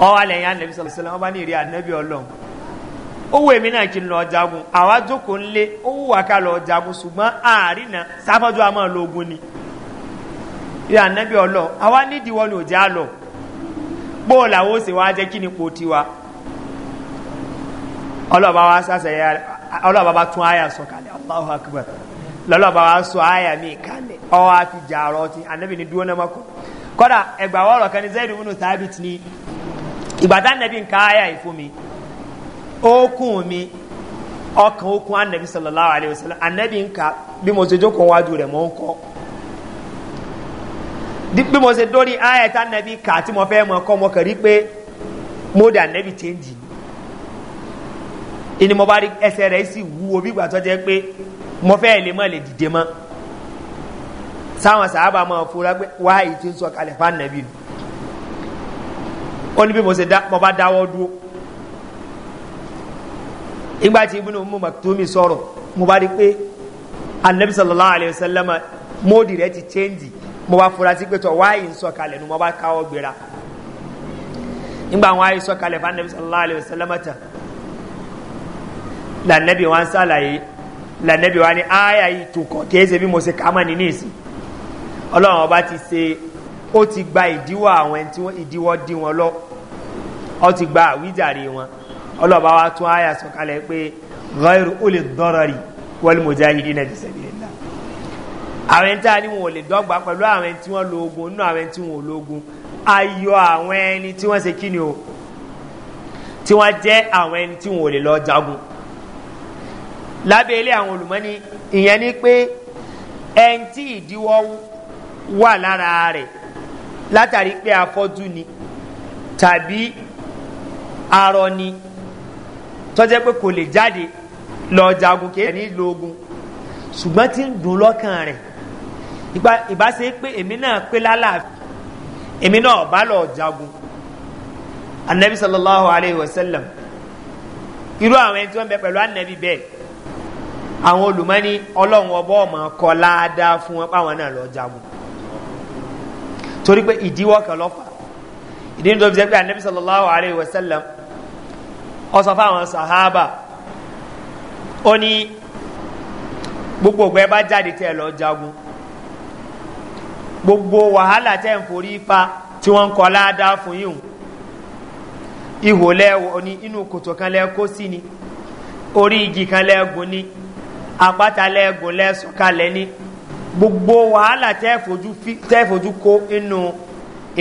ọwọ́ alẹ́ yẹn anabi sọ̀rọ̀ sọ̀rọ̀ wọn bá ní ìrì anabi ọlọ́run owó èmi náà kí n lọ jagun àwa jókòó ńlé owó wà ká lọ jagun ṣùgbọ́n àárín náà sáfọ́jú àmọ́ lóògùn ni ìrì anabi ọlọ́run àwa nídìí wọn ni ò já lọ bóòlù àwọn òsè wa jẹ́ kí ni po tiwa ọlọ́ọ̀bá wa sásẹ̀ ọlọ́ọ̀bá bá tún àyà sọ kalẹ̀ allahu akbar lọ́lọ́ọ̀bá wa sọ àyà mi kalẹ̀ ọwọ́ àfi ọ̀rọ̀ ti anabi ni dúró náà mọ́kọ́ kọ́dà ẹgbàá wọ́ọ̀rọ̀ kan ní zayidu múnú tábìtì ni ìgbàdá nàbí nǹkan ayà ìfún mi okùn mi ọkàn okùn anabi sallallahu alayhi wa sallam anabi nǹkan bí mo ṣe jókòó wájú rẹ̀ mọ́ ń kọ́ bí mo ṣe dórí ayà tá nàbí kà tí mo fẹ́ mọ́ kọ́ mo kàn rí pé mo dà nàbí chẹ́ǹjì ni mo bá rí ẹsẹ̀ rẹ̀ sì wúwo bí ìgbà jẹ́ pé mo fẹ́ lè mọ́ lè dìde mọ́ sáwọn sàábà máa fura pé wáyé tí ń sọ kalẹ̀ fún anabi nù ó ní bí mo ṣe dá mo bá dáwọ́ dúró ìgbà tí ibùdó mu maktumi sọ̀rọ̀ mo bá rí pé anabi sallallahu alayhi wa sallam móòdì rẹ ti chẹ́ǹdì mo bá fura sí pé tọ́ wáyé ń sọ̀kalẹ̀ nu mo bá káwọ́ gbéra nígbà wọn ayé sọ̀kalẹ̀ fún anabi sallallahu alayhi wa sallam tán lànàbí wọn sàlàyé lànàbí wọn ni àyà yìí tó kọ̀ kí ẹ ṣe bí mo ṣe kà á ti ṣe ó ti gba ìdíwọ́ àwọn ẹni tí ìdíwọ́ dí wọn lọ ó ti gba àwíjàre wọn ọlọ́ba wa tún àyà sọ̀kalẹ̀ pé ghairu ó lè dọ́rọ̀ rí wọ́n mo jẹ́ ayídí náà ṣẹ̀bi nílá àwọn ẹni tí a ní wọn ò lè dọ́gba pẹ̀lú àwọn ẹni tí wọ́n lo ogun nínú àwọn ẹni tí wọn lo ogun ayọ̀ àwọn ẹni tí wọ́n ṣe kí ni o tí wọ́n jẹ́ àwọn ẹni tí wọn ò lè lọ jagun lábẹ́ ilé àwọn olùmọ́ni ìyẹn ni pé ẹni tí ìdíwọ́ wà lára rẹ̀ látàrí pé afọ́jú ni tàbí arọ ni tọ́jẹ́ pé kò lè jáde lọ jagun kí ẹ nílò ogun ṣùgbọ́n tí ń dùn lọ́kàn rẹ̀ ìbáṣe pé èmi náà pé lálàáfíà èmi náà bá lọ jagun anabi sallallahu alayhi wa sallam irú àwọn ẹni tí wọ́n bẹ pẹ̀lú anabi bẹ́ẹ̀ àwọn olùmọ́ni ọlọ́run ọbọ̀ ọmọ kọ́ láadáa fún wọn pàwọn náà lọ jagun torí pé ìdíwọ́ kan lọ́fà ìdí ní tóbi jẹ́ pé anabi sallallahu alayhi wa fáwọn sahaba ó ní gbogbo ọgbẹ́ bá jáde tẹ́ ẹ lọ jagun gbogbo wàhálà tẹ́ ń forí fa tí wọ́n ń kọ́ ládàá fún yìí ihò lẹ́wọ̀ ní inú kòtò kan lẹ́kó sí ni orí igi kan lẹ́gùn ní àpáta lẹ́gùn lẹ́sùn kalẹ̀ ní. gbogbo wàhálà tẹ́ fojú kó inú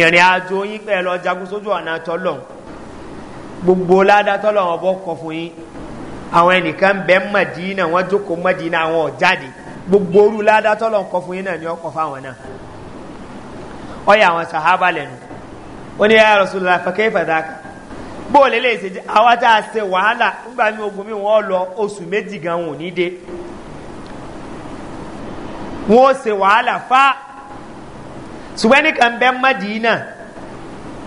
ìrìn àjò yín pẹ̀ lọ jagun sójú ọ̀nà tọ́lọ̀ gbogbo ládàá tọ́lọ̀ ọ̀bọ kọ fún yín àwọn ẹnìkan bẹ́ mọ̀dínà wọ́n jókòó mọ̀dínà àwọn ọ̀jáde gbogbo orú ládàá tọ́lọ̀ kọ fún yín náà ni ọkọ̀ fáwọn náà ọ̀yà àwọn sàhábà lẹ́nu ó ní yàrá rasulillah fẹ́kẹ́ fàdákà bóòlù eléyìí ṣe jẹ́ àwa tá a ṣe wàhálà nígbà mi ogun mi wọ́n lọ oṣù méjì gan ò ní dé wọ́n ṣe wàhálà fa ṣùgbọ́n nìkan bẹ́ẹ̀ mọ́dìínà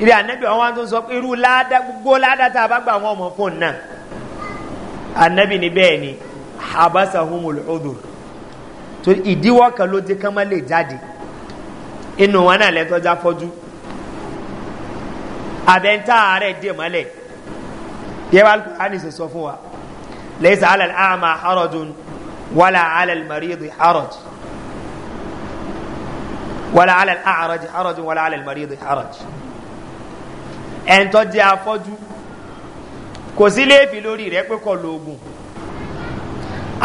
ilé anabi àwọn tó sọ pé irú ládá gbogbo ládá tá a bá gba àwọn ọmọ fún un náà anabi ni bẹ́ẹ̀ ni abasa humul udur tó ìdíwọ́ kan ló dé kán má lè jáde inú wọn náà lẹ́tọ́já fọ́jú abẹ́ntà ààrẹ dè mọ́lẹ̀ yẹ wá alukóhánì sọ fún wa lẹ́sà alal àmà harajun wàlà alal maridu harajun wala ala araj araj wala ala maridi araj ẹ̀ńtọ́ jẹ́ afọ́jú kò sí léèfì lórí rẹ̀ pé kọ́ lo oògùn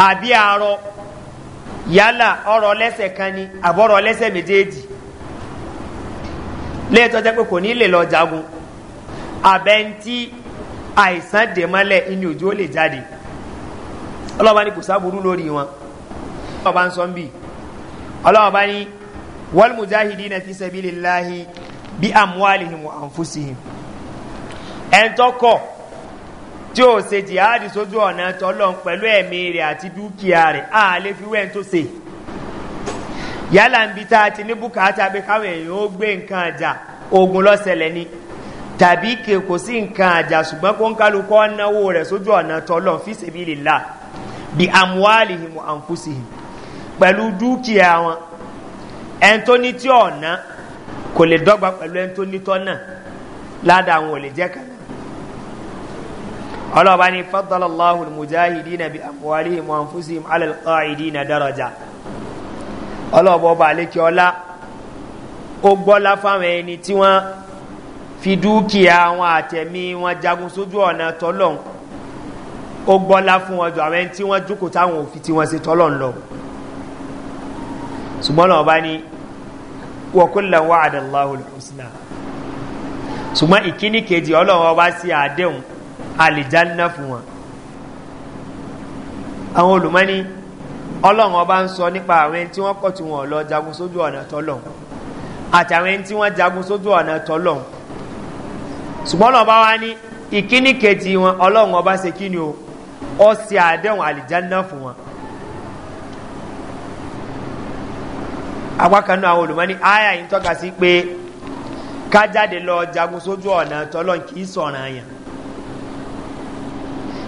àbí arọ yálà ọrọ̀ lẹ́sẹ̀ kan ni àbọ̀rọ̀ lẹ́sẹ̀ méjèèjì lẹ́ẹ̀tọ́ jẹ́ pé kò ní lè lọ jagun àbẹ́ntí àìsàn dèmọ́lẹ̀ inú òjò lè jáde ọlọ́ba ní kò sábúrú lórí wọn ọlọ́ba ń sọ ń bì ọlọ́ba ní walmujahidina fi sabilillahi bi amwalihim wa anfusihim ẹ̀ńtọ́kọ̀ tí ó ṣe jihadi sójú ọ̀nà tọ́lọ́n pẹ̀lú ẹ̀mí rẹ̀ àti dúkìá rẹ̀ á lè fi wẹ́n tó ṣe yálà ń bi tá a ti ní bùkátà pé káwọn èèyàn ó gbé nǹkan àjà ogun lọ́sẹ̀lẹ̀ ni tàbí kò sí nǹkan àjà ṣùgbọ́n kó ń kálukọ́ náwó rẹ̀ sójú ọ̀nà tọ́lọ́n fi ṣèbí lè la bi amwalihim wa anfusihim pẹ̀lú dúkìá wọn ẹ̀ńtóní tí ọ̀nà kò lè dọ́gba pẹ̀lú ẹ̀ńtóní tọ́nà ládàá àwọn ò lè jẹ́ kan ọlọ́ọ̀bá ni fadlalahul mujahidi nabi amuwali muhamfusi alalqaidi na daraja ọlọ́ọ̀bá ọba àlekí ọlá ó gbọ́lá fáwọn ẹni tí wọ́n fi dúkìá wọn àtẹ̀mí wọn jagun sójú ọ̀nà tọ́lọ́n ó gbọ́lá fún wọn jù àwọn ẹni tí wọ́n jókòó táwọn òfin tí wọ́n ṣe tọ́lọ́n lọ ṣùgbọ́n ọlọ́ọ̀bá ni wa kulla wa'ada Allahu al-husna ṣùgbọ́n ìkíní kejì ọlọ́run ọba sí àdéhùn àlìjánná fún wọn àwọn olùmọ́ni ọlọ́run ọba ń sọ nípa àwọn ẹni tí wọ́n kọ̀ tí wọ́n lọ jagun sójú ọ̀nà tọ́lọ̀ àtàwọn ẹni tí wọ́n jagun sójú ọ̀nà tọ́lọ̀ ṣùgbọ́n ọlọ́run ọba wa ní ìkíní kejì wọn ọlọ́run ọba ṣe kíni o ọ sí àdéhùn àlìjánná fún wọn. apákanú àwọn olùmọ́ni aya yìí ń tọ́ka sí pé ká jáde lọ jagun sójú ọ̀nà tọ́lọ́ kì í sọ̀ràn àyàn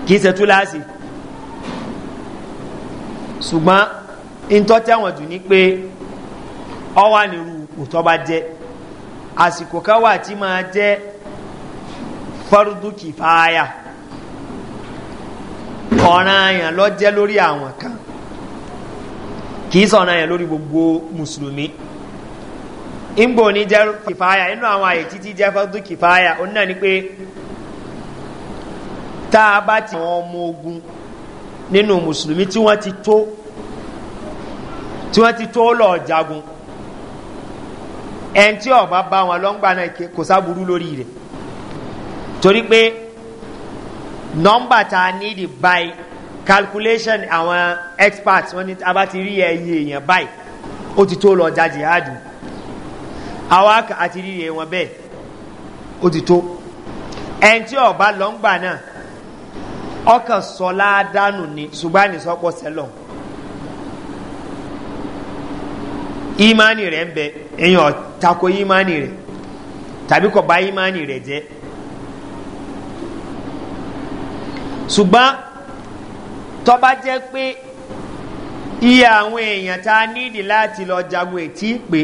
kì í ṣe túláàsì ṣùgbọ́n ntọ́ tẹ̀wọ̀n jù ní pé ọwọ́ ànírú òtọ́ bá jẹ́ àsìkò kan wà tí máa jẹ́ fọ́rúdúkì fáyà ọ̀ràn àyàn lọ jẹ́ lórí àwọn kan kìí sọ̀nà yẹn lórí gbogbo mùsùlùmí ìgbò ní jẹ́ kìfàyà inú àwọn àyè títí jẹ́ fọ́dún kìfàyà ó náà ni pé tá a bá ti àwọn ọmọ ogun nínú mùsùlùmí tí wọ́n ti tó tí wọ́n ti tó lọ jagun ẹni tí ọba bá wọn lọ́ngbà náà kò sábúrú lórí rẹ̀ torí pé nọ́mbà tá a nídìí báyìí calculation àwọn experts wọ́n ní abá ti rí ẹyẹ èèyàn báyìí ó ti tó lọ ja jihad àwa àti rí ẹyẹ wọn bẹ́ẹ̀ ó ti tó ẹn tí ọba lọ ń gbà náà ọkàn sọlá dánù ni ṣùgbọ́n ànisọ́pọ̀ sẹ́lọ̀ ìmánì rẹ̀ ń bẹ èèyàn tako ìmánì rẹ̀ tàbí kò bá ìmánì rẹ̀ jẹ́ ṣùgbọ́n tọ́ba jẹ́ pé iye àwọn èèyàn tá a nídi láti lọ jagun ètí pé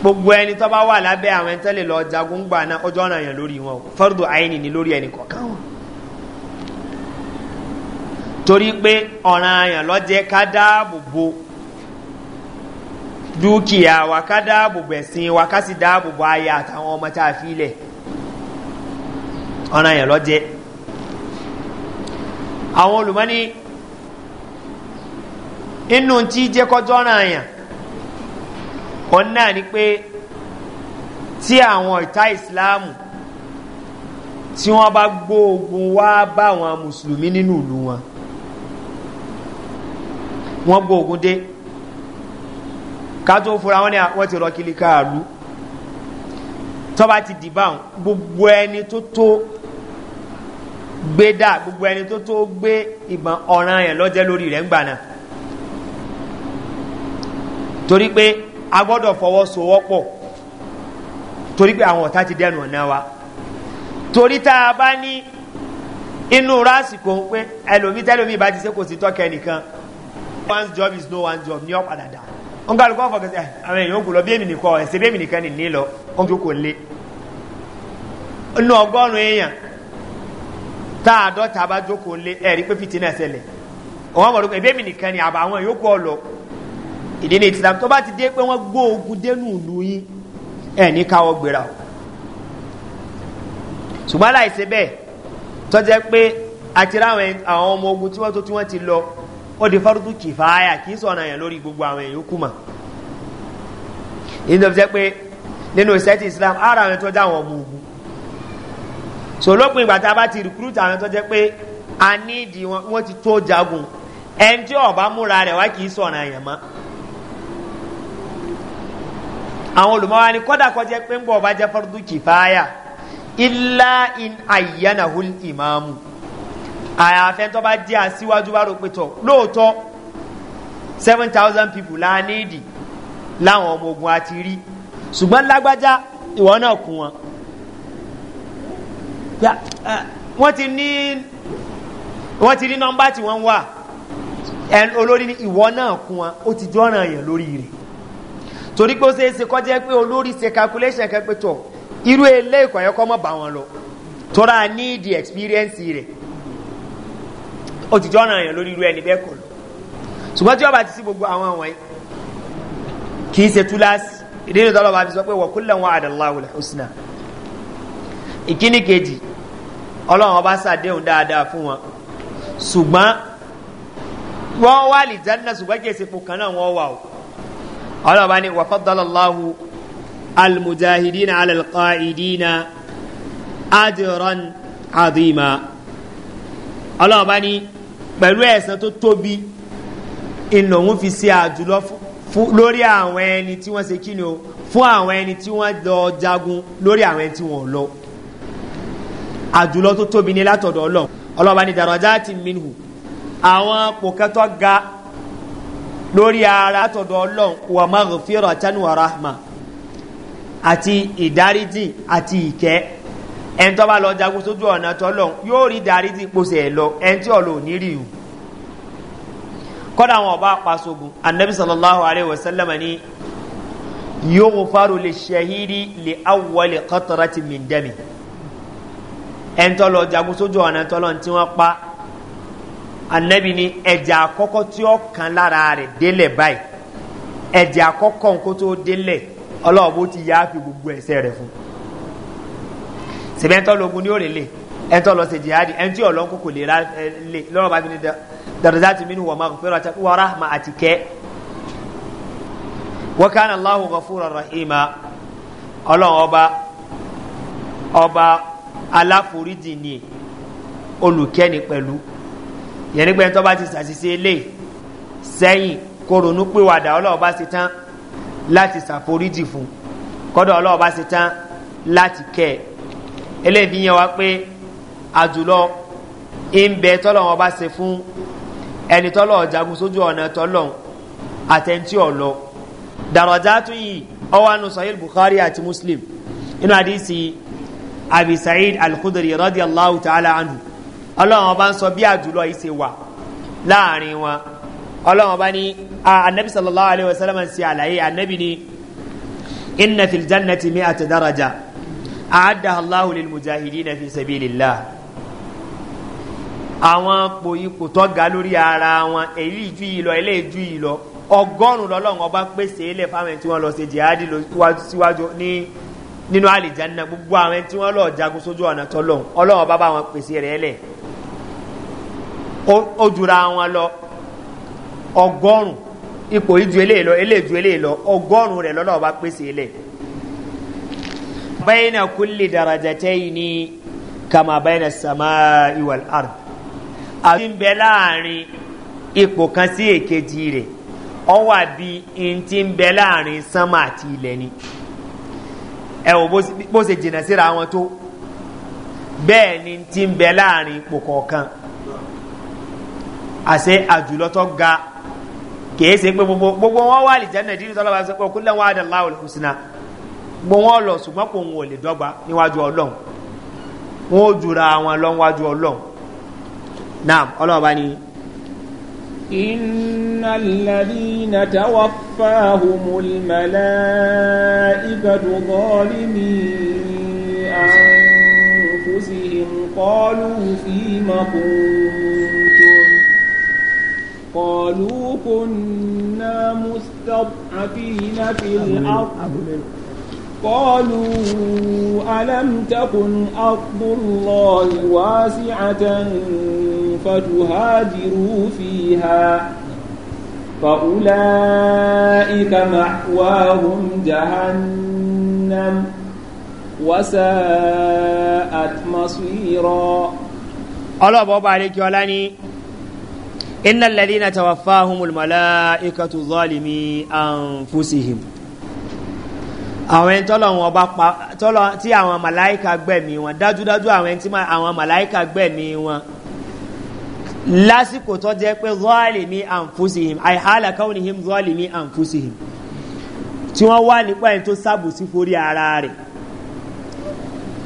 gbogbo ẹni tọ́ba wà lábẹ́ àwọn ẹni tẹ́lẹ̀ lọ jagun gbà náà ọjọ́ ọ̀nà yẹn lórí wọn fọ́dọ̀ àyìn ní lórí ẹni kọ̀ọ̀kan wọn torí pé ọ̀ràn àyàn lọ́jẹ́ ká dáàbò bo dúkìá wa ká dáàbò bo ẹ̀sìn wa ká sì dáàbò bo aya àtàwọn ọmọ tá a fi lẹ̀ ọ̀ràn àyàn lọ́jẹ́ àwọn olùmọ́ni inú tí jẹ́ kọjọ́ náà yàn òun náà ni pé tí àwọn ìta ìsìláàmù tí wọ́n bá gbóògùn wá bá àwọn mùsùlùmí nínú ìlú wọn wọ́n gbóògùn dé ká tó fura wọn ni wọ́n ti rọ kílíkà lù tọ́ba ti dìbà gbogbo ẹni tó tó gbé dà gbogbo ẹni tó tó gbé ìbọn ọ̀ràn yẹn lọ́jẹ́ lórí rẹ̀ ń gbà náà torí pé a gbọ́dọ̀ fọwọ́sowọ́pọ̀ torí pé àwọn ọ̀tá ti dẹnu ọ̀nà wa torí tá a bá ní inú rásìkò ń pé ẹlòmí tẹlòmí bá ti ṣe kò sí tọ́kẹ́ nìkan one's job is no one's job ní ọ̀padà dà ń ká lóko ọ̀fọ̀kẹ́ sẹ́ àwọn èèyàn kò lọ bí èmi nìkan ẹ̀sẹ̀ bí èmi nìkan nìní tá a dọ́ta bá jókòó lé ẹ̀rí pé fìtí náà ṣẹlẹ̀ ọ̀wọ́n mọ̀ ló pé ẹbí mi nìkan ni àbá àwọn yòókù ọ̀lọ́ ìdí ni ìtìlá tó bá ti dé pé wọ́n gbó ogun dénú ìlú yín ẹ̀ ní káwọ́ gbéra o ṣùgbọ́n láìsí bẹ́ẹ̀ tọ́jẹ́ pé àti ráwọn àwọn ọmọ ogun tí wọ́n tó tí wọ́n ti lọ ó di fárúkú kìfàáyà kì í sọ̀nà yẹn lórí gbogbo àwọn yòókù mọ̀ ìdí tó fi jẹ́ pé nínú islam ara àwọn tó dá so lópin ìgbà tá a bá ti recruit àwọn tó jẹ́ pé a ní ìdí wọn wọ́n ti tó jagun ẹni tí ọba múra rẹ̀ wá kì í sọ̀rọ̀ àyàn mọ́ àwọn olùmọ̀wá ni kọ́dà kọjá pé ń bọ̀ ọba jẹ́ fọ́rọ́dù kìfáyà ilá in àyànàhùn ìmáàmù àyàfẹ́ tó bá jẹ́ àṣíwájú bá rò pé tọ̀ lóòótọ́ seven thousand people la ní ìdí láwọn ọmọ ogun àti rí ṣùgbọ́n lágbájá ìwọ náà kù wọn. Eh, wọ́n ti ní wọ́n ti ní nọ́mbà tí wọ́n wà olórí ní ìwọ náà kún wọn ó ti jọ́ràn yẹn lórí rẹ̀ torí pé ó ṣe é ṣe kọjá pé olórí ṣe calculation kan pé tọ̀ irú ilé ìkọ̀yẹ́ kọ́ mọ̀ bá wọn lọ tọ́ra ní the experience rẹ̀ ó ti jọ́ràn yẹn lórí irú ẹni bẹ́ẹ̀ kọ̀ lọ ṣùgbọ́n tí ọba ti sí gbogbo àwọn wọ̀nyí kì í ṣe túláàsì ìdí ìdọ́lọ́ba fi sọ pé wọ́n kúlẹ̀ wọn àdàlá wọlé ọ̀sìn náà ìkíní kejì ọlọ́run ọba sàdéhùn dáadáa fún wọn ṣùgbọ́n wọ́n wá lè jáde ṣùgbọ́n jèsè pò kan náà wọ́n wà o ọlọ́run ọba ni wàfọ́dọ́lọ́láhu almujahidina alalqaidina adiran adima ọlọ́run ọba ni pẹ̀lú ẹ̀sán tó tóbi ìnà fi ṣe àjùlọ lórí àwọn ẹni tí wọ́n ṣe kí ni o fún àwọn ẹni tí wọ́n lọ jagun lórí àwọn ẹni tí wọ́n lọ àjùlọ tó tóbi ní látọ̀dọ̀ ọlọ́ ọlọ́ba ní dàrọ̀já ti minhu àwọn pòkẹ́tọ́ ga lórí ara látọ̀dọ̀ ọlọ́run wà má rọ̀fíìrọ̀ tánú wà rahma àti ìdáríjì àti ìkẹ́ ẹni tó bá lọ jagun sójú ọ̀nà tọ́lọ́run yóò rí ìdáríjì pòsè ẹ̀ lọ ẹni tí ọ̀lọ́ ò rí ìhù kọ́dà àwọn ọba àpaṣogun anabi sallallahu alayhi wa sallam ni yóò faru lè ṣahiri lè awọ lè kọ́tọ̀rọ̀ ti mìndẹ́mi ẹ̀ńtọ́lọ jagun sójú ọ̀nà ẹ̀ńtọ́lọ tí wọ́n pa anabi ni ẹ̀jẹ̀ àkọ́kọ́ tí ó kan lára rẹ̀ délẹ̀ báyìí ẹ̀jẹ̀ àkọ́kọ́ nǹkó tó délẹ̀ ọlọ́wọ́ bó ti yááfi gbogbo ẹ̀sẹ̀ rẹ̀ fún sèbí ẹ̀ńtọ́lọ ogun ni ó rè lè ẹ̀ńtọ́lọ ṣe jihadi ẹ̀ńtí ọ̀lọ́ kò kò lè ra lè lọ́rọ̀ bá fi ni dàdàdà ti mínú wàmà fẹ́ràn àti wàrà mà àti kẹ́ wọ́n kàn án aláwọ̀ gafúrò rahima ọlọ́wọ́ ọba ọba aláforíjì ni olùkẹ́ni pẹ̀lú yẹnni pé tó bá ti ṣàṣìṣe ilé sẹ́yìn kó ronú pèwàdà ọlọ́ọ̀bá ṣe tán láti ṣàforíjì fún kọ́dọ̀ ọlọ́ọ̀bá ṣe tán láti kẹ́ ẹ̀ eléyìí fi yẹn wá pé àjùlọ ìbẹ tọ́lọ́wọ́n bá ṣe fún ẹni tọ́lọ́ jagun sójú ọ̀nà tọ́lọ́ àtẹ̀ntì ọ̀lọ́ dàrọ̀jà tún yìí ọwọ́ àánú sọ̀yìn bukhari àti muslim inú àdìsí abi sa'id al-khudri radiyallahu ta'ala anhu ọlọ́run ọba ń sọ bí àjùlọ yìí ṣe wà láàrin wọn ọlọ́run ọba ní anabi sallallahu alayhi wa sallam ṣe àlàyé anabi ní inna fil jannati mi ati daraja àádá allahu lil mujahidi na fi sabi lillah àwọn po ipò tó ga lórí ara wọn èyí ju yìí eléyìí ju yìí ọgọ́rùn-ún lọ́lọ́run ọba pèsè ilẹ̀ fáwọn tí wọ́n lọ ṣe jihadi síwájú ní nínú àlìjáná gbogbo àwọn ẹni tí wọ́n lọ jagun sójú ọ̀nà tọ́lọ́hún ọlọ́run bá bá wọn pèsè rẹ̀ lẹ̀ ó jura wọn lọ ọgọ́rùn ipò ìju eléyìí lọ eléyìí ju eléyìí lọ ọgọ́rùn rẹ̀ lọ́lọ́run bá pèsè lẹ̀. bẹ́ẹ̀nà kúlì dàrájà tẹ́yìn ní kàmá bẹ́ẹ̀nà sàmá ìwàl ard àti ń bẹ láàrin ipò kan sí èkejì rẹ̀ ọ wà bí n ń bẹ láàrin sánmà àti ilẹ̀ ni ẹ wò bó ṣe jìnnà síra wọn tó bẹ́ẹ̀ ni ti ń bẹ láàrin ipò kọ̀ọ̀kan àṣẹ àjùlọ́tọ̀ ga kìí ṣe pé gbogbo gbogbo wọn wà lìjánà ìdí nítorí wọn sọ pé kúlẹ̀ wọn àdàlá olùkùsìnà gbogbo wọn lọ ṣùgbọ́n kò wọn ò lè dọ́gba níwájú ọlọ́run wọn ò jùra wọn lọ níwájú ọlọ́run náà ọlọ́run bá ní. إن الذين توفاهم الملائكة ظالمي أنفسهم قالوا فيم كنتم قالوا كنا مستضعفين في الأرض قالوا ألم تكن أرض الله واسعة فتهاجروا فيها فأولئك مأواهم جهنم وساءت مصيرا الله بابا عليك ولاني إن الذين توفاهم الملائكة ظالمي أنفسهم àwọn ẹni tọ́lọ́run ọba pa tọ́lọ́ tí àwọn màláìka gbẹ̀mí wọn dájúdájú àwọn ẹni tí àwọn màláìka gbẹ̀mí wọn lásìkò tó jẹ́ pé zọ́ọ̀lìmí àǹfùsìhìm àìhálà káwọnìhìm zọ́ọ̀lìmí àǹfùsìhìm tí wọ́n wà nípa ẹni tó sábòsí forí ara rẹ̀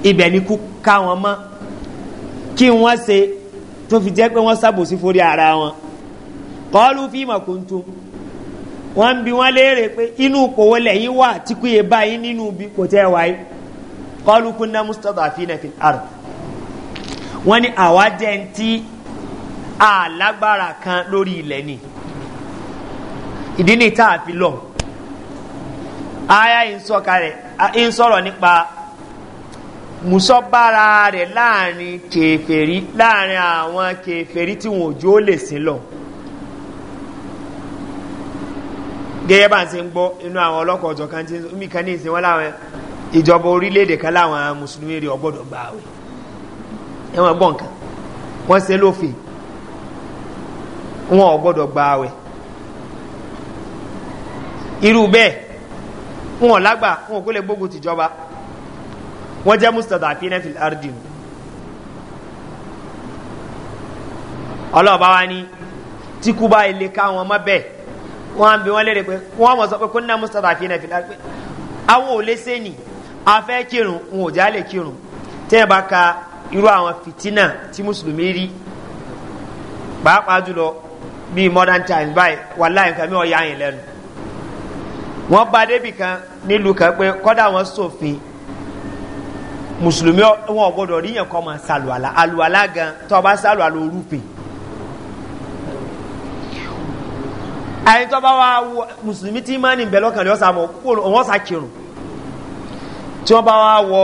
ibẹ̀ ni kú ká wọn mọ́ kí wọ́n ṣe tó fi jẹ́ pé wọ́n sábòsí forí ara wọn kọ́ọ́lù fíìmù kùntùn wọ́n ń bi wọ́n léèrè pé inú ìpòwò lẹ́yìn wà tí kò yẹ báyìí nínú ibi kò tẹ́ wáyé kọ́lù kúnná mustapha àfihàn fi àrò wọ́n ní àwa alágbára kan lórí ilẹ̀ ni ìdí ni tá a fi lọ aya ń nípa musọ́bára rẹ̀ láàrin kèfèrí láàrin àwọn kèfèrí tí wọn ò jó lè sí lọ. gẹ́gẹ́ bá ń se ń gbọ́ inú àwọn ọlọ́kọ̀ ọ̀jọ̀ kan tí omi kan ní ìsìn wọn láwọn ìjọba orílẹ̀-èdè kan láwọn mùsùlùmí rí ọgbọ́dọ̀ gbà wẹ̀ ẹ̀wọ̀n gbọ́ nǹkan wọ́n ṣe lófin wọn ọgbọ́dọ̀ gbà wẹ̀ irú bẹ́ẹ̀ wọn lágbà wọn kò lè gbógun tìjọba wọ́n jẹ́ mustapha pinafil ardin ọlọ́ọ̀bá wa ní tíkú bá ilé ká wọn bẹ́ẹ̀ wọn á bí wọn léèrè pé wọn mọ̀ sọ pé kó nná mustapha fi náà fi lápẹ́ àwọn ò lé sẹ́ni afẹ́ kírun wọn ò jálè kírun tẹ́yìn bá ka irú àwọn fìtínà tí mùsùlùmí rí pàápàá jùlọ bíi modern times báyìí wàláyé nǹkan mi ò yá yẹn lẹ́nu wọn bá débì kan nílùú kan pé kọ́dà wọn sòfin mùsùlùmí wọn ò gbọdọ̀ ríyàn kọ́ máa sàlùwàlà àlùwàlà gan tó sàlùwàlà orúfin àyìn tó bá wá wọ mùsùlùmí tí máa ní bẹ̀lọ́ kan ní ọ̀sà mọ̀ kúrò wọ́n sá kírun tí wọ́n bá wá wọ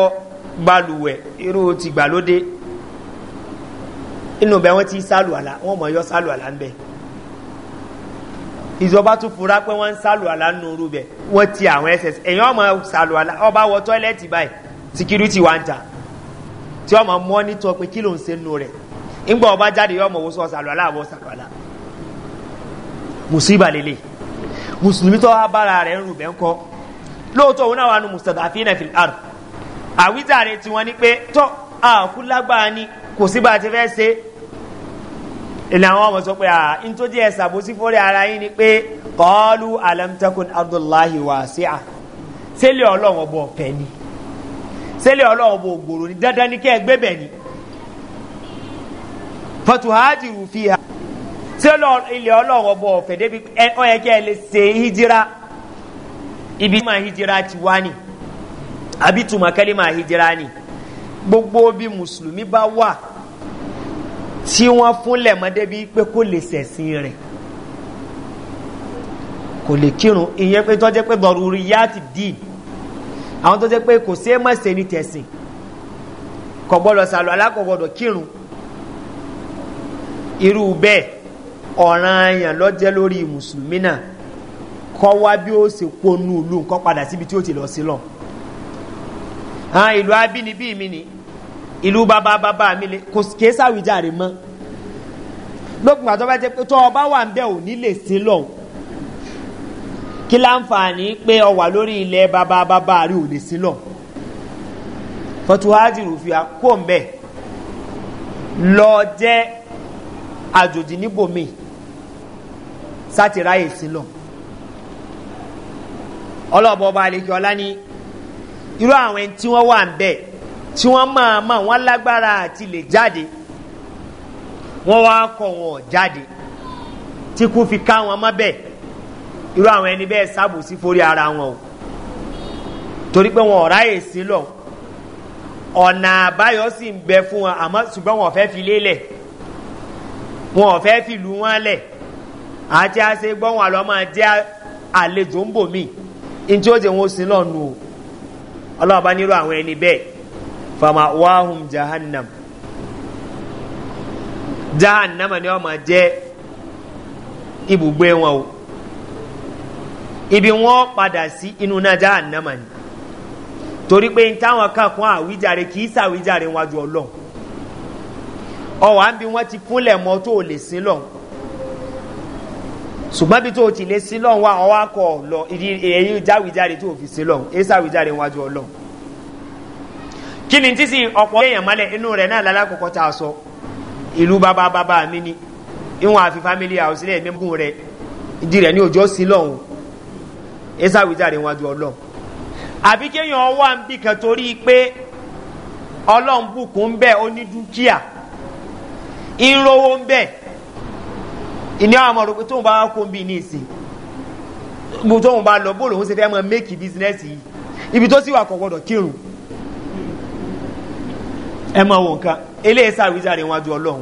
balùwẹ̀ irú ti gbàlódé inú bẹ wọ́n ti sálù àlá wọ́n mọ̀ yọ sálù àlá ń ìjọba tún fura pé wọ́n ń sálù àlá nù rú bẹ̀ wọ́n ti àwọn ẹsẹ̀ ẹ̀yìn ọmọ sálù àlá ọba wọ tọ́ílẹ̀tì báyìí security wa ń ta tí wọ́n mọ̀ mọ́ nítọ́ pé kí ló ń se nù rẹ̀ ńgbà ọba jáde yọ ọmọ wo sọ sálù àlá àwọ sálù àlá musiba lele musulumi tó wá bára rẹ̀ ń rù bẹ́ẹ̀ kọ́ lóòótọ́ òun náà wà fi náà fi àrùn àwítàrẹ tí wọ́n pé tọ́ àkú lágbára ni kò sí bá a ti fẹ́ ṣe ìlànà àwọn ọmọ sọ pé à ń tó jẹ́ ṣàbòsí ara yín ni pé kọ́ọ́lù alamtakun abdullahi wa ṣíà sẹ́lẹ̀ ọlọ́wọ́ bọ̀ ọ̀fẹ́ ni sẹ́lẹ̀ ọlọ́wọ́ bọ̀ ògbòrò ni dandan ni kẹ́ ẹ gbé bẹ̀ ni fatuhajiru fi tí ilẹ̀ ọlọ́wọ́ bọ̀ ọ̀fẹ́ débi ọ yẹ kí ẹ lè ṣe hijira ibi tí ma hijira ti wá ni àbí tuma kẹ́lí ma hijira ni gbogbo bí mùsùlùmí bá wà tí wọ́n fúnlẹ̀ mọ́ débi pé kó lè ṣẹ̀sìn rẹ̀ kò lè kírun ìyẹn pé tọ́jẹ́ pé bọ̀rùrì yá ti dì àwọn tọ́jẹ́ pé kò sí má ní tẹ̀sìn kò gbọ́dọ̀ sàlọ́ alákọ̀ọ́gbọ́dọ̀ kírun irú bẹ́ẹ̀ ọ̀ràn àyàn lọ́jẹ́ lórí mùsùlùmí náà kọ́ wá bí ó ṣe ponú ìlú nǹkan padà síbi tí ó ti lọ sí lọ. àwọn ìlú abínibí mi ni ìlú bàbá bàbá mi lè kò kéé sàwíjàre mọ́ lópin àti ọba jẹ́ pé tó ọba wà ń bẹ̀ ò ní lè sí lọ kí láǹfààní pé ọ wà lórí ilẹ̀ bàbá bàbá rí ò lè sí lọ fọtúhájì rúfin àkóńbẹ lọ jẹ́ àjòjì níbòmíì sáti ráyè sílò ọlọ́ọ̀bọ ọba àlejò ọlá ní irú àwọn ẹni tí wọ́n wà ń bẹ̀ tí wọ́n máa mọ̀ wọ́n lágbára àti lè jáde wọ́n wá kọ̀ wọ́n jáde tí kú fi ká wọn mọ́ bẹ́ẹ̀ irú àwọn ẹni bẹ́ẹ̀ sábòsí forí ara wọn o torí pé wọn ò ráyè sílò ọ̀nà àbáyọ sì ń bẹ fún wọn àmọ́ ṣùgbọ́n wọn ò fẹ́ fi lélẹ̀ wọn ò fẹ́ fi lù wọn lẹ̀ àti àṣẹ gbọ́wọ́n àlọ́ máa jẹ́ àlejò ń bò mí ntí ó jẹ́ wọn ó sin lọ́nu o ọlọ́run bá fama wahum jahannam jahannama ni wọ́n máa jẹ́ ibùgbé o ibi wọn padà sí inú náà jahannama ni torí pé n táwọn kan kún àwíjàre kì í sàwíjàre wájú ọlọ́run ti kúnlẹ̀ mọ́ tó o lè ṣùgbọ́n bí tó ti lé sí lọ́hùn wa ọwọ́ akọ lọ èyí jáwéjáde tó fi sí lọ́hùn èyí sàwéjáde wájú ọlọ́hùn. kí ni tí sì ọ̀pọ̀ èèyàn mọ́lẹ̀ inú rẹ̀ náà lálákọ̀ọ́kọ́ tá a sọ ìlú bàbá bàbá mi ni ìwọ̀n àfi family house rẹ̀ mímú rẹ̀ ìdí rẹ̀ ní òjò sí lọ́hùn èyí sàwéjáde wájú ọlọ́hùn. àbí ìní àwọn ọmọ rògbé tóun bá kó bí ní ìsìn gbogbo tóun bá lọ bóòlù òun ṣe fẹ́ mọ méèkì bísínẹ́sì yìí ibi tó sì wà kọ̀ gbọ́dọ̀ kírun ẹ mọ wọn kan eléyìí sàwíjàre wọn ju ọlọ́run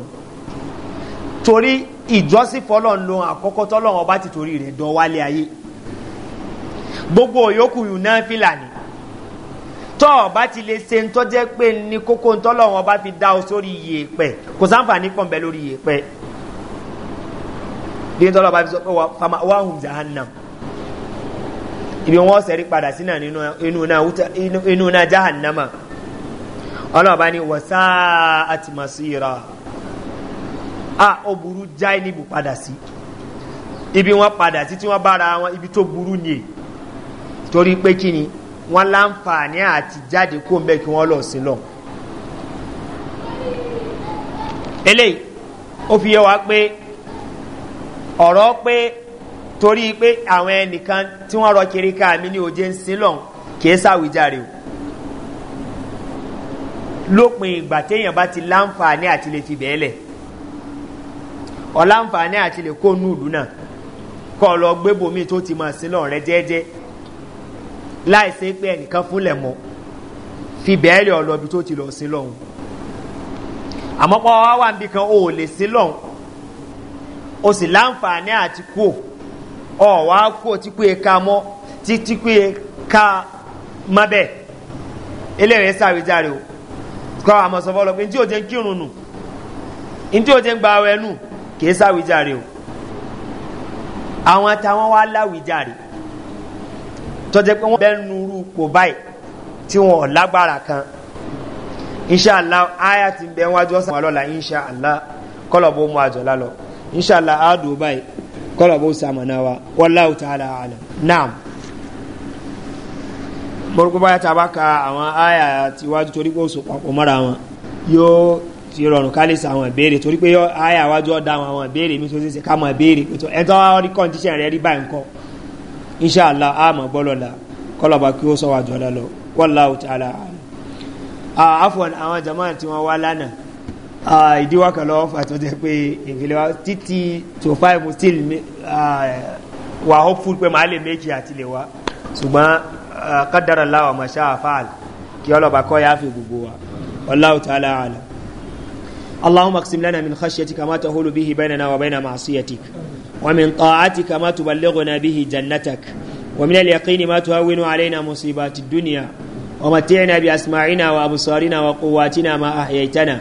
torí ìjọsìn fọlọ́run lo àkọ́kọ́ tọ́lọ́run ọba ti torí rẹ̀ dán wálé ayé gbogbo òyòkù yìí náà fìlàní tọ́ ọba ti lè ṣe ń tọ́jẹ́ pé ní kókó ń ọba fi dá o sórí iye pẹ̀ kò sáǹfà díndọ́ lọ́ba fi sọ pé famawahum jahannam ibi wọn sẹ̀rí padà sínú inú náà jahannama ọlọ́ba ni wọ́sá àti a ó burú jáì níbi padà sí ibi wọn padà sí tí wọn bára wọn ibi tó burú ni torí pé kí ni wọn láǹfààní àti jáde kó mbẹ kí wọn lọ sí lọ eléyìí ó fi yẹ wá pé. ọ̀rọ̀ pé torí pé àwọn ẹnìkan tí wọ́n rọ kiri ká mi ní oje ń sin lọ́hùn kì í ṣàwíjàre o lópin ìgbà téèyàn bá ti láǹfààní àti lè fi bẹ́ẹ̀ lẹ̀ ọ̀láǹfààní àti lè kó nù ìlú náà kọ́ lọ gbé bomi tó ti máa sin lọ́rùn rẹ jẹ́ẹ́jẹ́ láì ṣe pé ẹnìkan fúnlẹ̀ mọ́ fi bẹ́ẹ̀ lẹ̀ ọlọ́bi tó ti lọ sin lọ́hùn àmọ́pọ̀ wá wà níbi kan ó lè sin lọ́hùn o sì láǹfààní àti kú ọ wá kú tí kú eka mọ́ títí kú eka má bẹ́ẹ̀ eléyìí sàwíjàre o kọ́ àmọ́ sọ fọlọ́ pé ntí o jẹ́ ń kírun nù ntí o jẹ́ ń gba awẹ́ nù kìí sàwíjàre o àwọn táwọn wá láwíjàre tọ́jẹ́ pé wọ́n bẹ́ẹ̀ nuru kò báyìí tí wọn lágbára kan inṣàlá aya ti bẹ wájú ọsàn wà lọ́la inṣàlá kọlọ̀ bó mú àjọ lálọ́ inṣàlá àádùn báyìí kọ́lá bó sàmọ̀nà wa wàláwù tààlà àlà náà mọ̀rọ̀kọ́ báyà tá a bá ka àwọn àyà tiwájú torí pé ó so papọ̀ mọ́ra wọn yóò ti rọrùn ká lè sa àwọn ìbéèrè torí pé àyà wájú ọ̀dà àwọn àwọn ìbéèrè mi tó ṣe ṣe ká mọ̀ ìbéèrè pé tó ẹ̀ tó wá rí kọ́ndíṣẹ̀ rẹ̀ rí báyìí nǹkan inṣàlá àmọ̀ bọ́lọ̀lá kọ́lá bá kí ó sọ wájú ọ̀dà lọ wàláwù tààlà àlà àfọ̀n àwọn jàmáà tí wọ́n wá ìdíwọ́ kan lọ́wọ́ fà tó jẹ́ pé ìfìlẹ̀ wa títí tó five mo still wà hopeful pé màá lè méjì àti lè wá ṣùgbọ́n kádàrà láwọ̀ mà ṣáà fáàlì kí ọlọ́ba kọ́ yá fi gbogbo wa ọláwù tá a lára اللهم اقسم لنا من خشيتك ما تهول به بيننا وبين معصيتك ومن طاعتك ما تبلغنا به جنتك ومن اليقين ما تهون علينا مصيبات الدنيا ومتعنا بأسماعنا وأبصارنا وقواتنا ما أحييتنا